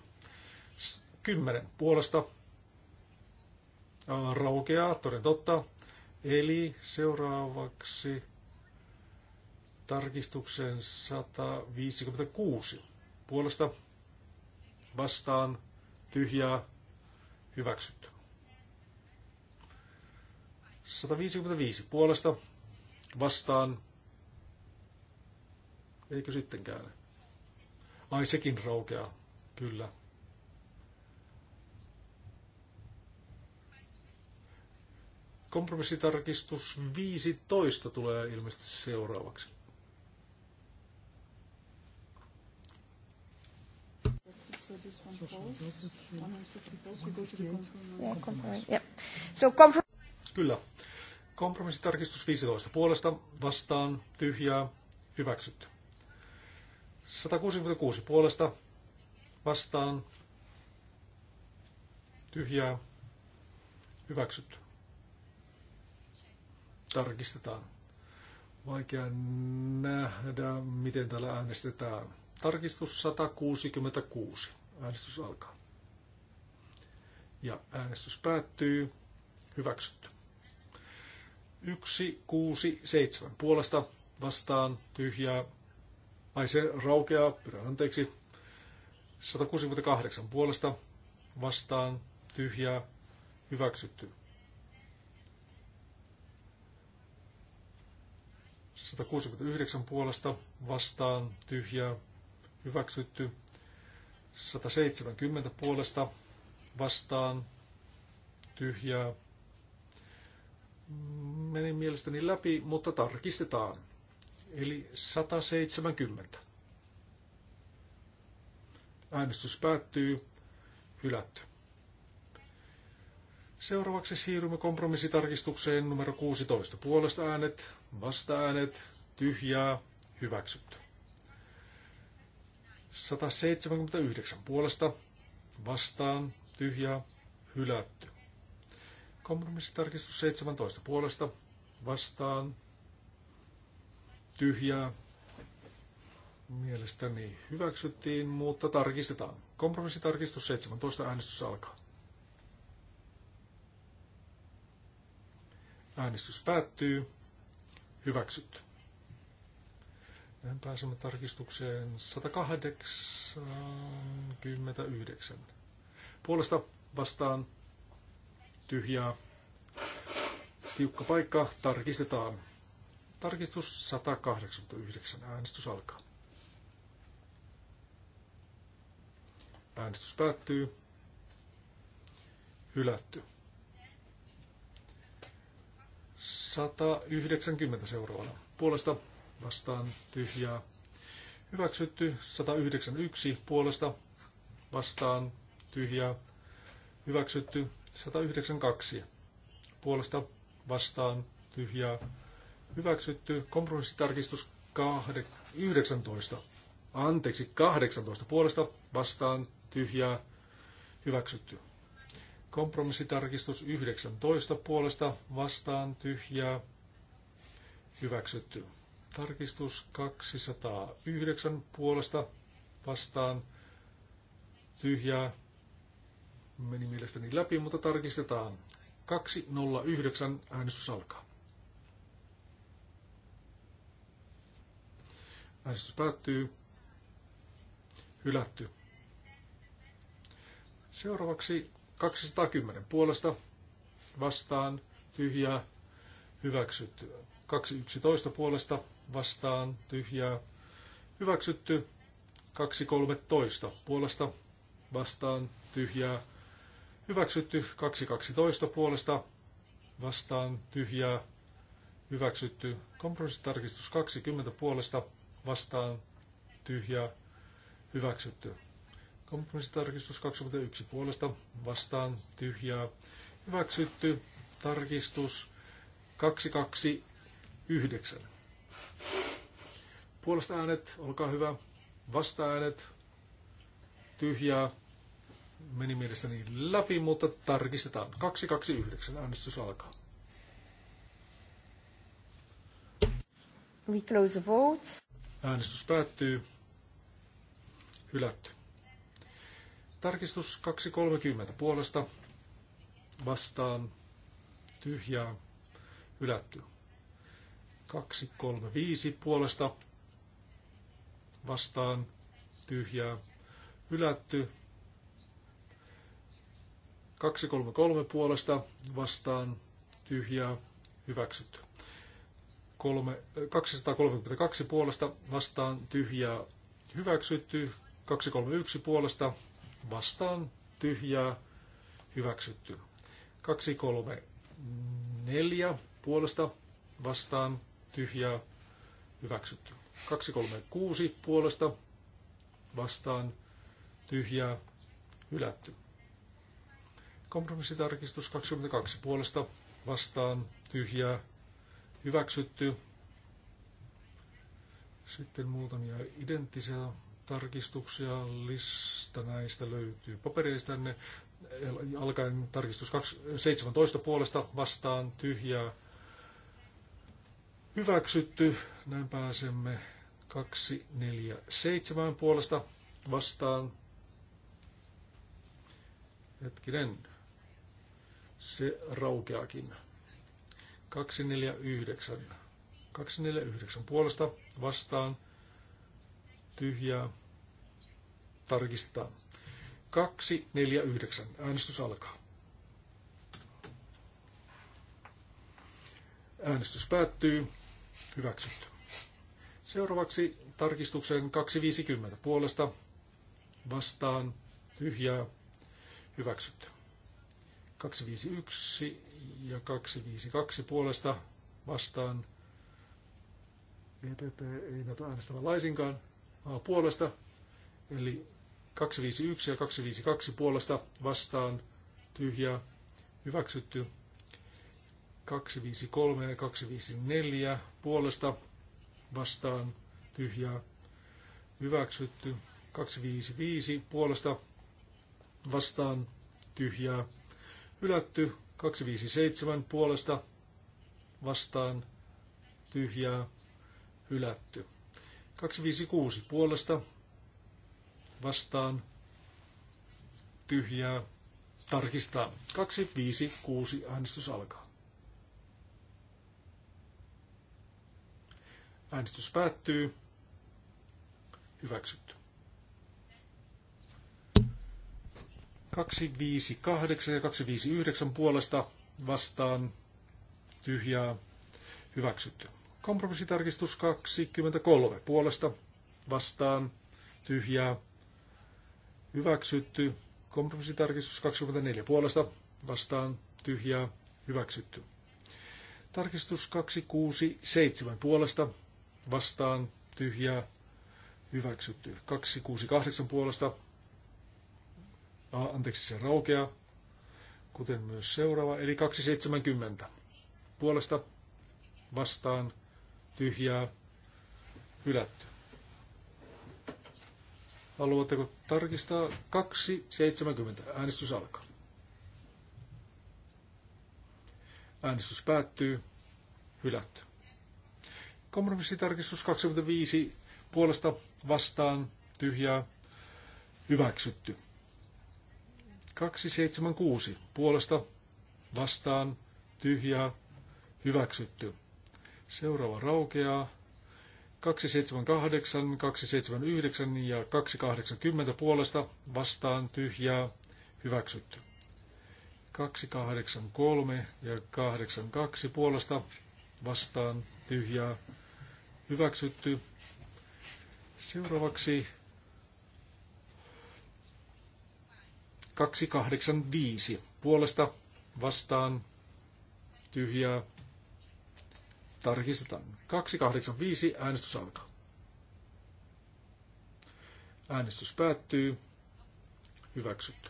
10 puolesta raukeaa, toden totta. Eli seuraavaksi tarkistuksen 156. Puolesta vastaan tyhjää hyväksytty. 155 puolesta vastaan. Eikö sittenkään? Ai sekin raukeaa, kyllä. Kompromissitarkistus 15 tulee ilmeisesti seuraavaksi. Kyllä. Kompromissitarkistus 15. Puolesta vastaan tyhjää hyväksytty. 166 puolesta vastaan tyhjää hyväksytty. Tarkistetaan. Vaikea nähdä, miten täällä äänestetään. Tarkistus 166. Äänestys alkaa. Ja äänestys päättyy. Hyväksytty. 1, 6, 7. Puolesta vastaan tyhjää. Ai se raukeaa. Pyydän anteeksi. 168 puolesta vastaan tyhjää. Hyväksytty. 169 puolesta vastaan tyhjää. Hyväksytty. 170 puolesta vastaan tyhjää. Meni mielestäni läpi, mutta tarkistetaan. Eli 170. Äänestys päättyy. Hylätty. Seuraavaksi siirrymme kompromissitarkistukseen numero 16. Puolesta äänet, vasta äänet, tyhjää, hyväksytty. 179 puolesta vastaan tyhjää hylätty. Kompromissitarkistus 17 puolesta vastaan tyhjää mielestäni hyväksyttiin, mutta tarkistetaan. Kompromissitarkistus 17 äänestys alkaa. Äänestys päättyy. Hyväksytty. Näin pääsemme tarkistukseen 189. Puolesta vastaan tyhjää. Tiukka paikka tarkistetaan. Tarkistus 189. Äänestys alkaa. Äänestys päättyy. Hylätty. 190 seuraavana. Puolesta vastaan tyhjää. Hyväksytty 191 puolesta vastaan tyhjää. Hyväksytty 192 puolesta vastaan tyhjää. Hyväksytty kompromissitarkistus 19. Anteeksi, 18 puolesta vastaan tyhjää. Hyväksytty. Kompromissitarkistus 19 puolesta vastaan tyhjää hyväksytty. Tarkistus 209 puolesta vastaan tyhjää meni mielestäni läpi, mutta tarkistetaan. 209 äänestys alkaa. Äänestys päättyy. Hylätty. Seuraavaksi 210 puolesta vastaan tyhjää hyväksytty. 211 puolesta vastaan tyhjää hyväksytty 2.13 puolesta vastaan tyhjää hyväksytty 2.12 puolesta vastaan tyhjää hyväksytty kompromissitarkistus 20 puolesta vastaan tyhjää hyväksytty kompromissitarkistus 21 puolesta vastaan tyhjää hyväksytty tarkistus 229 Puolesta äänet, olkaa hyvä. Vasta äänet, tyhjää. Meni mielestäni läpi, mutta tarkistetaan. 229 äänestys alkaa. We close the vote. Äänestys päättyy. Hylätty. Tarkistus 2.30 puolesta. Vastaan. Tyhjää. Hylätty. 235 puolesta vastaan tyhjää hylätty. 233 puolesta vastaan tyhjää hyväksytty. 232 äh, puolesta vastaan tyhjää hyväksytty. 231 puolesta vastaan tyhjää hyväksytty. 234 puolesta vastaan tyhjää hyväksytty. 236 puolesta vastaan tyhjää hylätty. Kompromissitarkistus 22 puolesta vastaan tyhjää hyväksytty. Sitten muutamia identtisiä tarkistuksia. Lista näistä löytyy papereistanne. Alkaen tarkistus 17 puolesta vastaan tyhjää hyväksytty. Näin pääsemme 7 puolesta vastaan. Hetkinen, se raukeakin. 4, 9 puolesta vastaan tyhjää tarkistetaan. 9. Äänestys alkaa. Äänestys päättyy. Hyväksytty. Seuraavaksi tarkistuksen 250 puolesta vastaan tyhjää hyväksytty. 251 ja 252 puolesta vastaan EPP ei näytä äänestävä laisinkaan A puolesta, eli 251 ja 252 puolesta vastaan tyhjää hyväksytty. 253 ja 254 puolesta vastaan tyhjää hyväksytty. 255 puolesta vastaan tyhjää hylätty. 257 puolesta vastaan tyhjää hylätty. 256 puolesta vastaan tyhjää tarkistaa. 256 äänestys alkaa. Äänestys päättyy. Hyväksytty. 258 ja 259 puolesta vastaan tyhjää hyväksytty. Kompromissitarkistus 23 puolesta vastaan tyhjää hyväksytty. Kompromissitarkistus 24 puolesta vastaan tyhjää hyväksytty. Tarkistus 267 puolesta vastaan tyhjää hyväksytty. 268 puolesta, a, anteeksi se raukea, kuten myös seuraava, eli 270 puolesta vastaan tyhjää hylätty. Haluatteko tarkistaa? 270. Äänestys alkaa. Äänestys päättyy. Hylätty. Kompromissitarkistus 25 puolesta vastaan tyhjää hyväksytty. 276 puolesta vastaan tyhjää hyväksytty. Seuraava raukeaa. 278, 279 ja 280 puolesta vastaan tyhjää hyväksytty. 283 ja 82 puolesta vastaan tyhjää hyväksytty. Seuraavaksi 285 puolesta vastaan tyhjää. Tarkistetaan. 285 äänestys alkaa. Äänestys päättyy. Hyväksytty.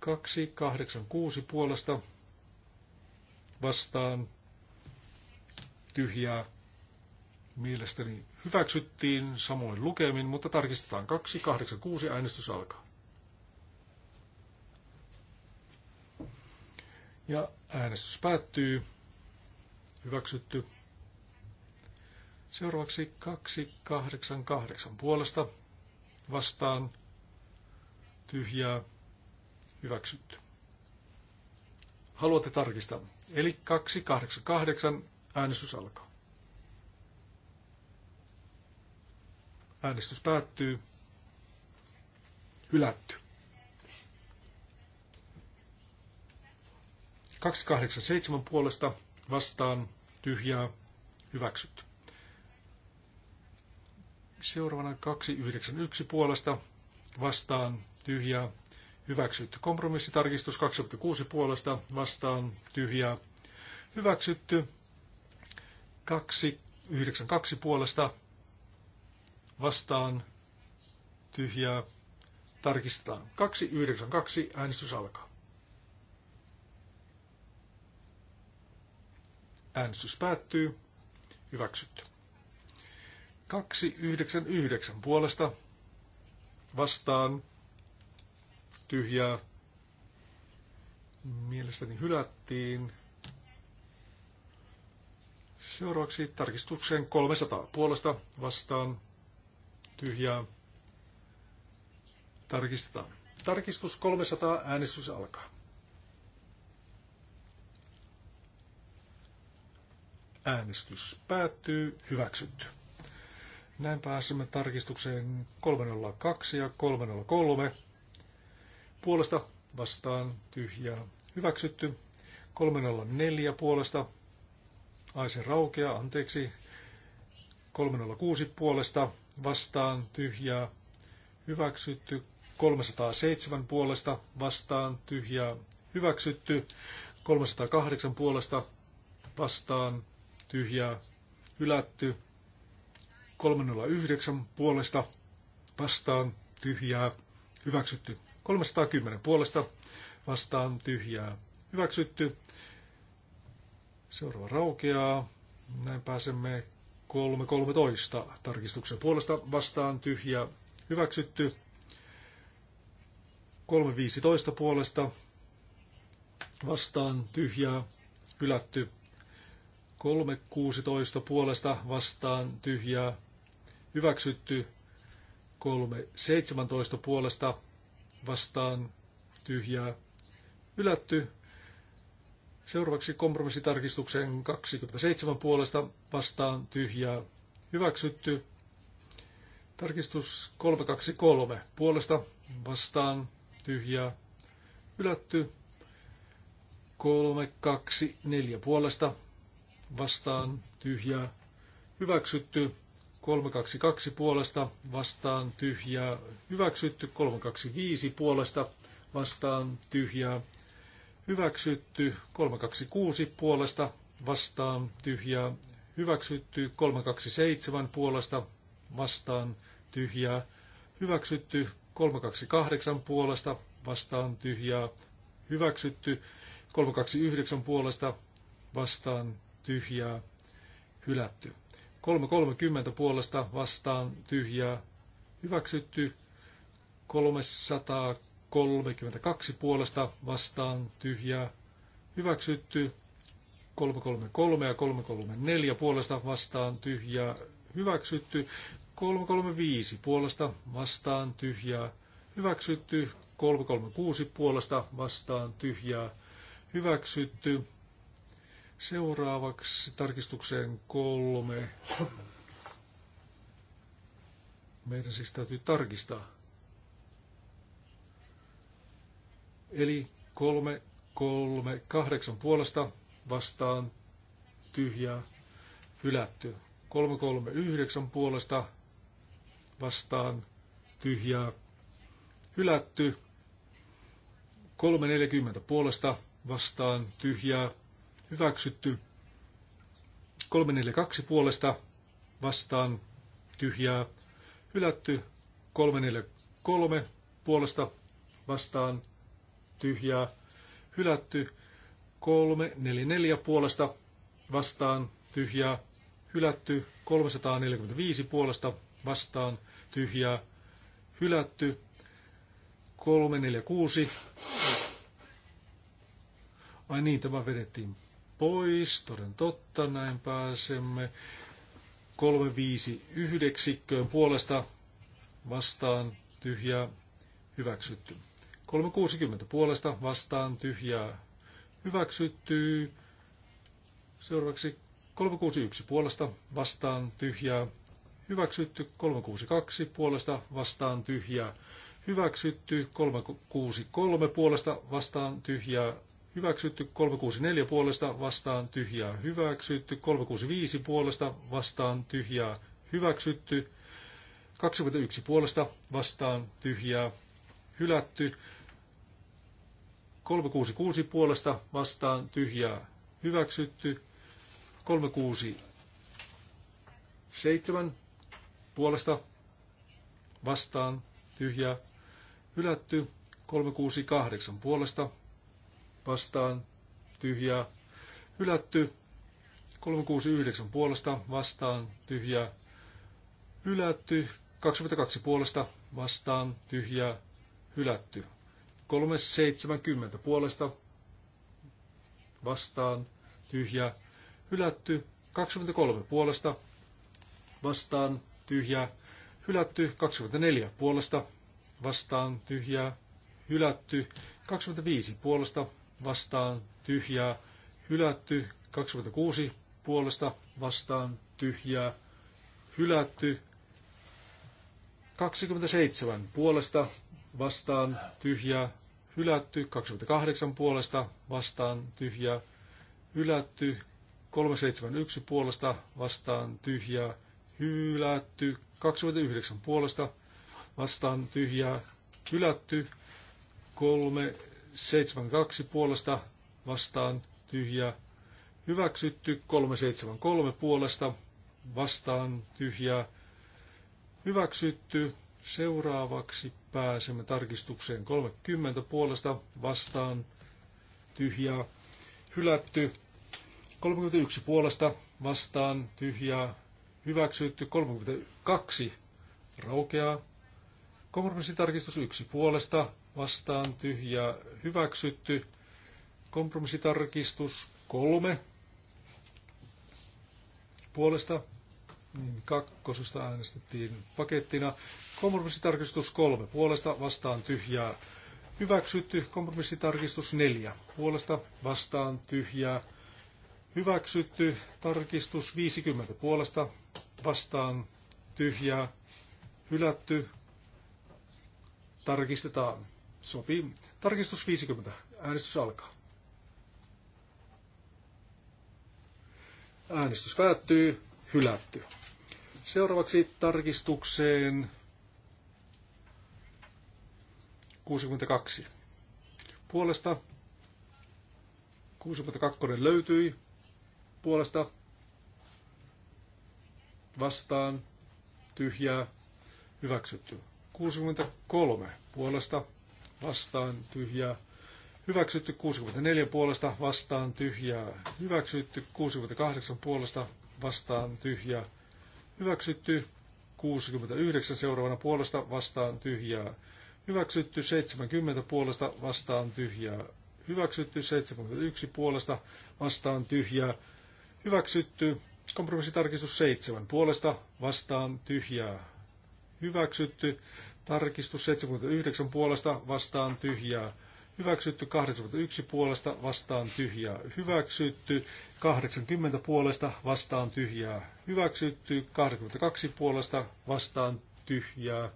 286 puolesta vastaan tyhjää mielestäni hyväksyttiin samoin lukemin, mutta tarkistetaan 286 äänestys alkaa. Ja äänestys päättyy. Hyväksytty. Seuraavaksi 288 puolesta vastaan tyhjää hyväksytty. Haluatte tarkistaa. Eli 288 äänestys alkaa. Äänestys päättyy. Hylätty. 287 puolesta vastaan tyhjää hyväksytty. Seuraavana 291 puolesta vastaan tyhjää hyväksytty. Kompromissitarkistus 26 puolesta vastaan tyhjää hyväksytty. 292 puolesta vastaan tyhjää tarkistetaan. 292 äänestys alkaa. Äänestys päättyy. Hyväksytty. 299 puolesta vastaan tyhjää mielestäni hylättiin. Seuraavaksi tarkistukseen 300 puolesta vastaan tyhjää tarkistetaan. Tarkistus 300, äänestys alkaa. Äänestys päättyy, hyväksytty. Näin pääsemme tarkistukseen 302 ja 303. Puolesta vastaan tyhjää, hyväksytty. 304 puolesta, Aisen raukea, anteeksi, 306 puolesta vastaan tyhjää hyväksytty. 307 puolesta vastaan tyhjää hyväksytty. 308 puolesta vastaan tyhjää hylätty. 309 puolesta vastaan tyhjää hyväksytty. 310 puolesta vastaan tyhjää hyväksytty. Seuraava raukeaa. Näin pääsemme 313 tarkistuksen puolesta vastaan tyhjä hyväksytty. 315 puolesta vastaan tyhjää hylätty. 316 puolesta vastaan tyhjää hyväksytty. 317 puolesta vastaan tyhjää hylätty. Seuraavaksi kompromissitarkistuksen 27 puolesta vastaan tyhjää hyväksytty. Tarkistus 323 puolesta vastaan tyhjää hylätty. 324 puolesta vastaan tyhjää hyväksytty. 322 puolesta vastaan tyhjää hyväksytty. 325 puolesta vastaan tyhjää Hyväksytty 326 puolesta vastaan tyhjää. Hyväksytty 327 puolesta vastaan tyhjää. Hyväksytty 328 puolesta vastaan tyhjää. Hyväksytty 329 puolesta vastaan tyhjää. Hylätty. 330 puolesta vastaan tyhjää. Hyväksytty 330 32 puolesta vastaan tyhjää hyväksytty. 333 ja 334 puolesta vastaan tyhjää hyväksytty. 335 puolesta vastaan tyhjää hyväksytty. 336 puolesta vastaan tyhjää hyväksytty. Seuraavaksi tarkistukseen kolme. Meidän siis täytyy tarkistaa. Eli 3, 3, 8 puolesta vastaan tyhjää hylätty. 3, 3, 9 puolesta vastaan tyhjää hylätty. 3, 40 puolesta vastaan tyhjää hyväksytty. 3, 4, 2 puolesta vastaan tyhjää hylätty. 3, 4, 3 puolesta vastaan tyhjää hylätty. 344 puolesta vastaan tyhjää hylätty. 345 puolesta vastaan tyhjää hylätty. 346. Ai niin, tämä vedettiin pois. Toden totta, näin pääsemme. 359 puolesta vastaan tyhjää hyväksytty. 360 puolesta vastaan tyhjää hyväksyttyy. Seuraavaksi 361 puolesta vastaan tyhjää hyväksytty. 362 puolesta vastaan tyhjää hyväksytty. 363 puolesta vastaan tyhjää hyväksytty. 364 puolesta vastaan tyhjää hyväksytty. 365 puolesta vastaan tyhjää hyväksytty. 21 puolesta vastaan tyhjää hylätty. 366 puolesta vastaan tyhjää hyväksytty. 367 puolesta vastaan tyhjää hylätty. 368 puolesta vastaan tyhjää hylätty. 369 puolesta vastaan tyhjää hylätty. 22 puolesta vastaan tyhjää hylätty. 370 puolesta vastaan tyhjä hylätty. 23 puolesta vastaan tyhjä hylätty. 24 puolesta vastaan tyhjä hylätty. 25 puolesta vastaan tyhjää hylätty. 26 puolesta vastaan tyhjää hylätty. 27 puolesta vastaan tyhjää hylätty, 28 puolesta vastaan tyhjä. hylätty, 371 puolesta vastaan tyhjä. hylätty, 29 puolesta vastaan tyhjä. hylätty, 372 puolesta vastaan tyhjä. hyväksytty, 373 puolesta vastaan tyhjä. hyväksytty, Seuraavaksi pääsemme tarkistukseen 30 puolesta vastaan tyhjää hylätty. 31 puolesta vastaan tyhjää hyväksytty. 32 raukeaa. Kompromissitarkistus 1 puolesta vastaan tyhjää hyväksytty. Kompromissitarkistus 3 puolesta niin kakkosesta äänestettiin pakettina. Kompromissitarkistus kolme puolesta vastaan tyhjää hyväksytty. Kompromissitarkistus neljä puolesta vastaan tyhjää hyväksytty. Tarkistus 50 puolesta vastaan tyhjää hylätty. Tarkistetaan. Sopii. Tarkistus 50. Äänestys alkaa. Äänestys päättyy. Hylätty. Seuraavaksi tarkistukseen 62. Puolesta 62 löytyi. Puolesta vastaan tyhjää hyväksytty. 63 puolesta vastaan tyhjää hyväksytty. 64 puolesta vastaan tyhjää hyväksytty. 68 puolesta vastaan tyhjää Hyväksytty 69 seuraavana puolesta vastaan tyhjää. Hyväksytty 70 puolesta vastaan tyhjää. Hyväksytty 71 puolesta vastaan tyhjää. Hyväksytty kompromissitarkistus 7 puolesta vastaan tyhjää. Hyväksytty tarkistus 79 puolesta vastaan tyhjää hyväksytty, 81 puolesta vastaan tyhjää hyväksytty, 80 puolesta vastaan tyhjää hyväksytty, 82 puolesta vastaan tyhjää.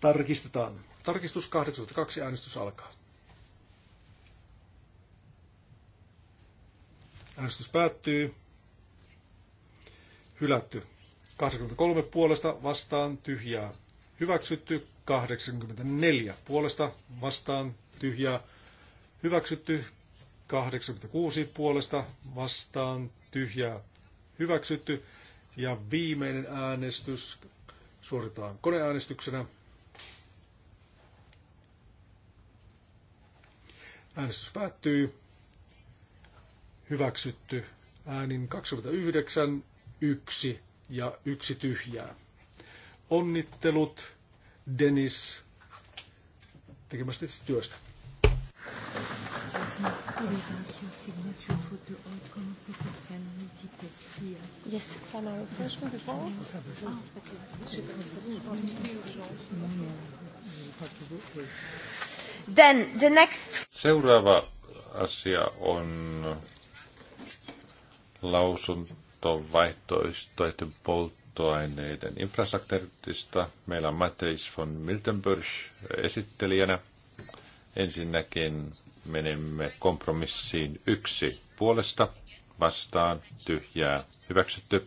Tarkistetaan. Tarkistus 82, äänestys alkaa. Äänestys päättyy. Hylätty. 83 puolesta vastaan tyhjää Hyväksytty 84 puolesta vastaan tyhjää. Hyväksytty 86 puolesta vastaan tyhjää. Hyväksytty. Ja viimeinen äänestys suoritetaan koneäänestyksenä. Äänestys päättyy. Hyväksytty äänin 29, 1 ja 1 tyhjää. Onnittelut Denis tekemästä työstä. Yes, from our refreshment before. Oh, Then the next... Seuraava asia on lausuntovaihtoistoiden polttoaineiden polttoaineiden infrastruktuurista. Meillä on Matthijs von Miltenburg esittelijänä. Ensinnäkin menemme kompromissiin yksi puolesta, vastaan, tyhjää, hyväksytty.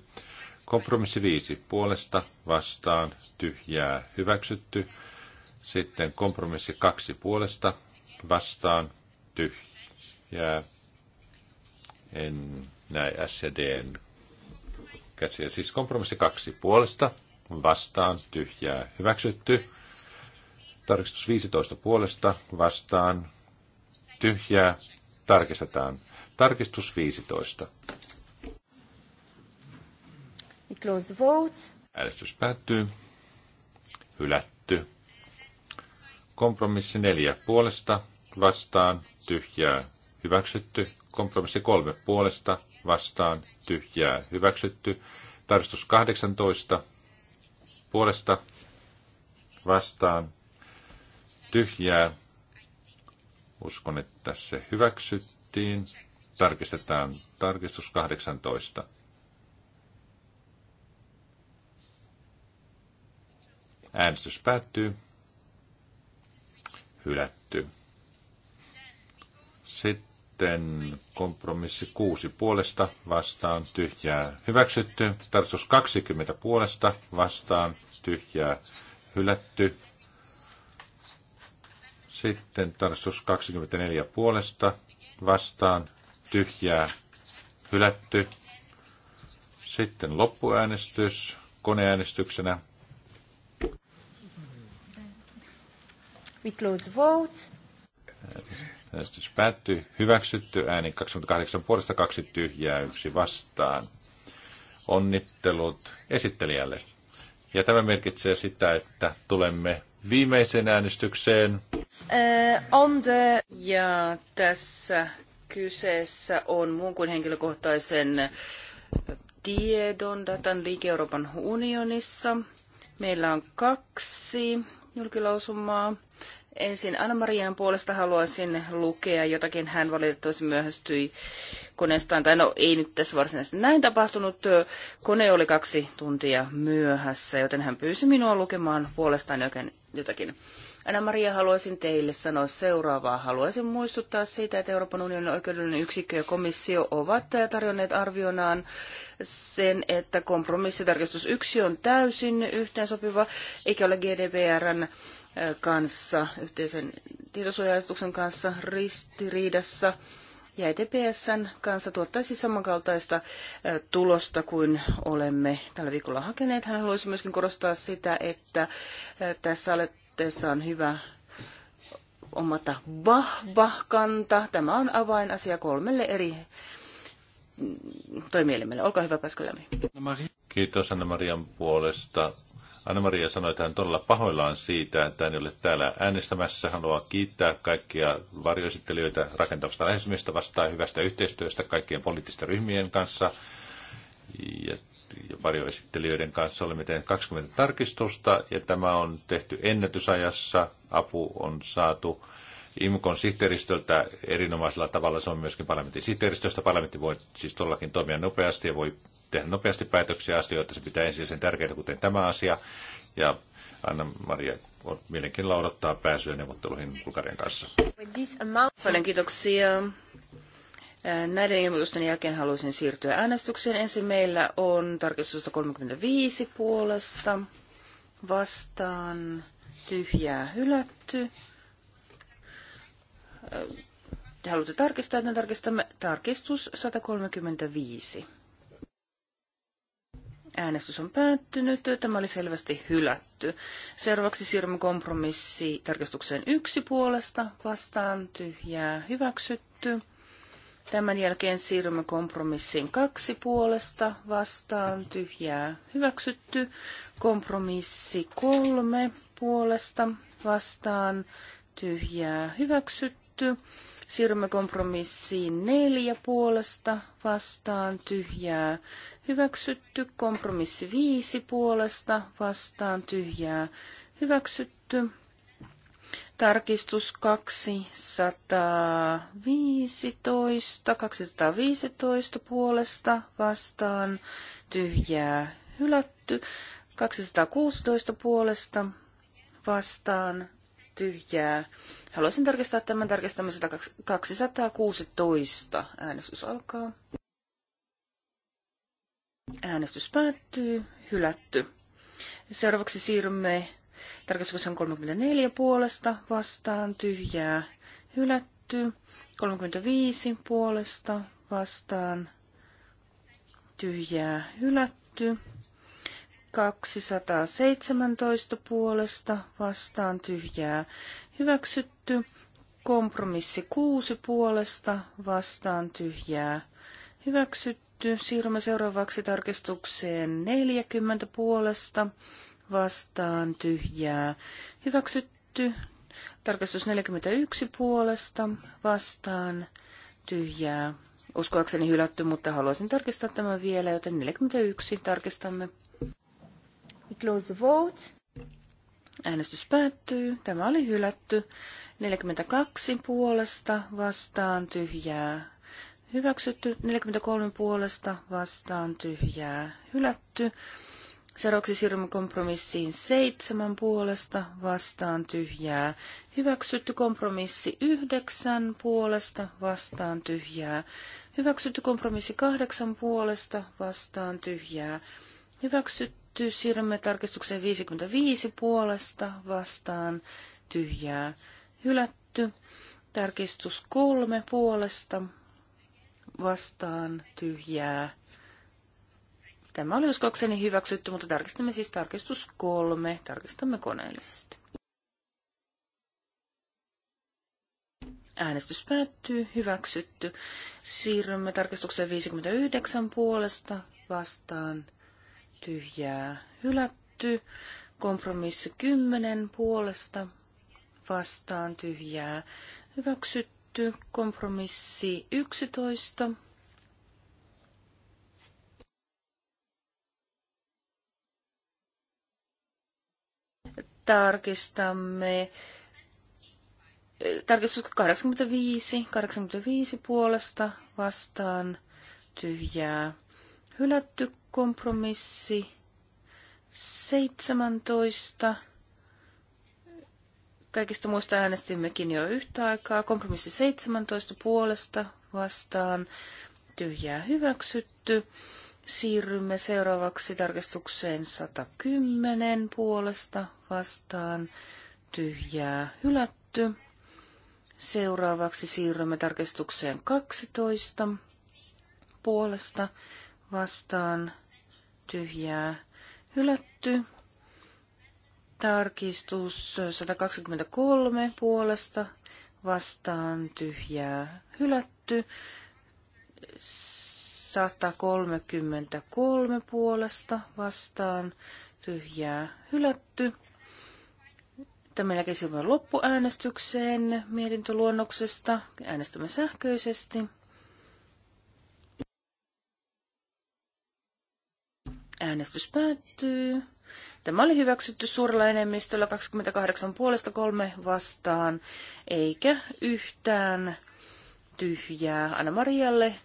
Kompromissi viisi puolesta, vastaan, tyhjää, hyväksytty. Sitten kompromissi kaksi puolesta, vastaan, tyhjää. En näe SDn käsiä. Siis kompromissi kaksi puolesta, vastaan, tyhjää, hyväksytty. Tarkistus 15 puolesta, vastaan, tyhjää, tarkistetaan. Tarkistus 15. close vote. Äänestys päättyy. Hylätty. Kompromissi neljä puolesta, vastaan, tyhjää, hyväksytty. Kompromissi kolme puolesta vastaan tyhjää hyväksytty. Tarkistus 18 puolesta vastaan tyhjää. Uskon, että se hyväksyttiin. Tarkistetaan tarkistus 18. Äänestys päättyy. Hylätty. Sitten sitten kompromissi 6 puolesta vastaan tyhjää hyväksytty. Tartus 20 puolesta vastaan tyhjää hylätty. Sitten tarkistus 24 puolesta vastaan tyhjää hylätty. Sitten loppuäänestys koneäänestyksenä. We close vote. Äänestys päättyi. Hyväksytty ääni 28 puolesta kaksi tyhjää yksi vastaan. Onnittelut esittelijälle. Ja tämä merkitsee sitä, että tulemme viimeiseen äänestykseen. Äh, on the... Ja tässä kyseessä on muun kuin henkilökohtaisen tiedon datan liike Euroopan unionissa. Meillä on kaksi julkilausumaa. Ensin Anna-Marian puolesta haluaisin lukea jotakin. Hän valitettavasti myöhästyi koneestaan, tai no ei nyt tässä varsinaisesti näin tapahtunut. Kone oli kaksi tuntia myöhässä, joten hän pyysi minua lukemaan puolestaan jotakin. Anna-Maria, haluaisin teille sanoa seuraavaa. Haluaisin muistuttaa siitä, että Euroopan unionin oikeudellinen yksikkö ja komissio ovat tarjonneet arvionaan sen, että kompromissitarkistus 1 on täysin yhteensopiva, eikä ole GDPRn kanssa, yhteisen tietosuojaistuksen kanssa ristiriidassa. Ja ETPSn kanssa tuottaisi samankaltaista tulosta kuin olemme tällä viikolla hakeneet. Hän haluaisi myöskin korostaa sitä, että tässä aloitteessa on hyvä omata vahva kanta. Tämä on avainasia kolmelle eri mm, toimielimelle. Olkaa hyvä, Pascal Kiitos Anna-Marian puolesta. Anna-Maria sanoi, että hän todella pahoillaan siitä, että hän ei ole täällä äänestämässä. Haluaa kiittää kaikkia varjoesittelijöitä rakentavasta lähestymistä vastaan hyvästä yhteistyöstä kaikkien poliittisten ryhmien kanssa. Ja varjoesittelijöiden kanssa olemme tehneet 20 tarkistusta ja tämä on tehty ennätysajassa. Apu on saatu IMCON sihteeristöltä erinomaisella tavalla. Se on myöskin parlamentin sihteeristöstä. Parlamentti voi siis todellakin toimia nopeasti ja voi tehdä nopeasti päätöksiä asioita. Se pitää sen tärkeitä, kuten tämä asia. Ja Anna-Maria on mielenkiinnolla odottaa pääsyä neuvotteluihin Bulgarian kanssa. Paljon kiitoksia. Äh, näiden ilmoitusten jälkeen haluaisin siirtyä äänestykseen. Ensin meillä on tarkistusta 35 puolesta vastaan tyhjää hylätty te haluatte tarkistaa, että tarkistamme tarkistus 135. Äänestys on päättynyt. Tämä oli selvästi hylätty. Seuraavaksi siirrymme kompromissi tarkistukseen yksi puolesta. Vastaan tyhjää hyväksytty. Tämän jälkeen siirrymme kompromissiin kaksi puolesta. Vastaan tyhjää hyväksytty. Kompromissi kolme puolesta. Vastaan tyhjää hyväksytty hylätty. Siirrymme kompromissiin neljä puolesta vastaan tyhjää hyväksytty. Kompromissi viisi puolesta vastaan tyhjää hyväksytty. Tarkistus 215, 215 puolesta vastaan tyhjää hylätty. 216 puolesta vastaan tyhjää. Haluaisin tarkistaa tämän tarkistamisen 216. Äänestys alkaa. Äänestys päättyy. Hylätty. Seuraavaksi siirrymme tarkistuksen 34 puolesta vastaan tyhjää. Hylätty. 35 puolesta vastaan tyhjää. Hylätty. 217 puolesta vastaan tyhjää hyväksytty. Kompromissi 6 puolesta vastaan tyhjää hyväksytty. Siirrymme seuraavaksi tarkistukseen 40 puolesta vastaan tyhjää hyväksytty. Tarkastus 41 puolesta vastaan tyhjää. Uskoakseni hylätty, mutta haluaisin tarkistaa tämän vielä, joten 41 tarkistamme. Close the vote. Äänestys päättyy. Tämä oli hylätty. 42 puolesta vastaan tyhjää. Hyväksytty. 43 puolesta vastaan tyhjää. Hylätty. Seuraavaksi siirrymme kompromissiin seitsemän puolesta vastaan tyhjää. Hyväksytty kompromissi yhdeksän puolesta vastaan tyhjää. Hyväksytty kompromissi kahdeksan puolesta vastaan tyhjää. Hyväksytty hylätty. Siirrymme tarkistukseen 55 puolesta vastaan tyhjää hylätty. Tarkistus 3 puolesta vastaan tyhjää. Tämä oli uskokseni hyväksytty, mutta tarkistamme siis tarkistus 3. Tarkistamme koneellisesti. Äänestys päättyy, hyväksytty. Siirrymme tarkistukseen 59 puolesta vastaan tyhjää hylätty. Kompromissi 10 puolesta vastaan tyhjää hyväksytty. Kompromissi 11 tarkistamme eh, tarkistus 85, 85 puolesta vastaan tyhjää Hylätty kompromissi 17. Kaikista muista äänestimmekin jo yhtä aikaa. Kompromissi 17 puolesta vastaan tyhjää hyväksytty. Siirrymme seuraavaksi tarkistukseen 110 puolesta vastaan tyhjää hylätty. Seuraavaksi siirrymme tarkistukseen 12 puolesta vastaan tyhjää hylätty. Tarkistus 123 puolesta vastaan tyhjää hylätty. 133 puolesta vastaan tyhjää hylätty. Tämä jälkeen loppuäänestykseen mietintöluonnoksesta. Äänestämme sähköisesti. Äänestys päättyy. Tämä oli hyväksytty suurella enemmistöllä 28 puolesta kolme vastaan, eikä yhtään tyhjää. Anna-Marialle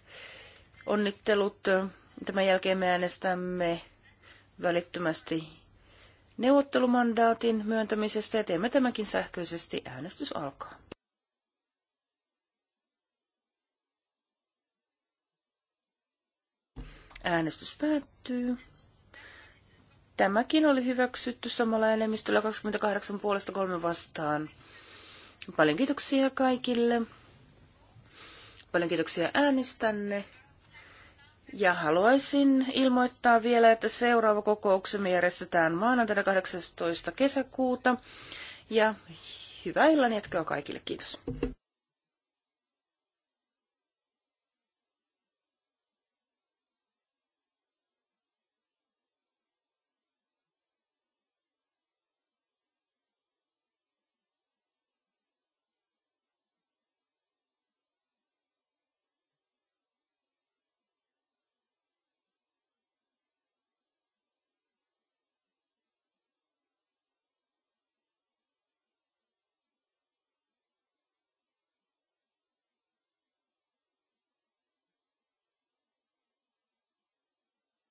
onnittelut. Tämän jälkeen me äänestämme välittömästi neuvottelumandaatin myöntämisestä ja teemme tämänkin sähköisesti. Äänestys alkaa. Äänestys päättyy. Tämäkin oli hyväksytty samalla enemmistöllä 28 puolesta kolme vastaan. Paljon kiitoksia kaikille. Paljon kiitoksia äänestänne. Ja haluaisin ilmoittaa vielä, että seuraava kokouksemme järjestetään maanantaina 18. kesäkuuta. Ja hyvää illan jatkoa kaikille. Kiitos.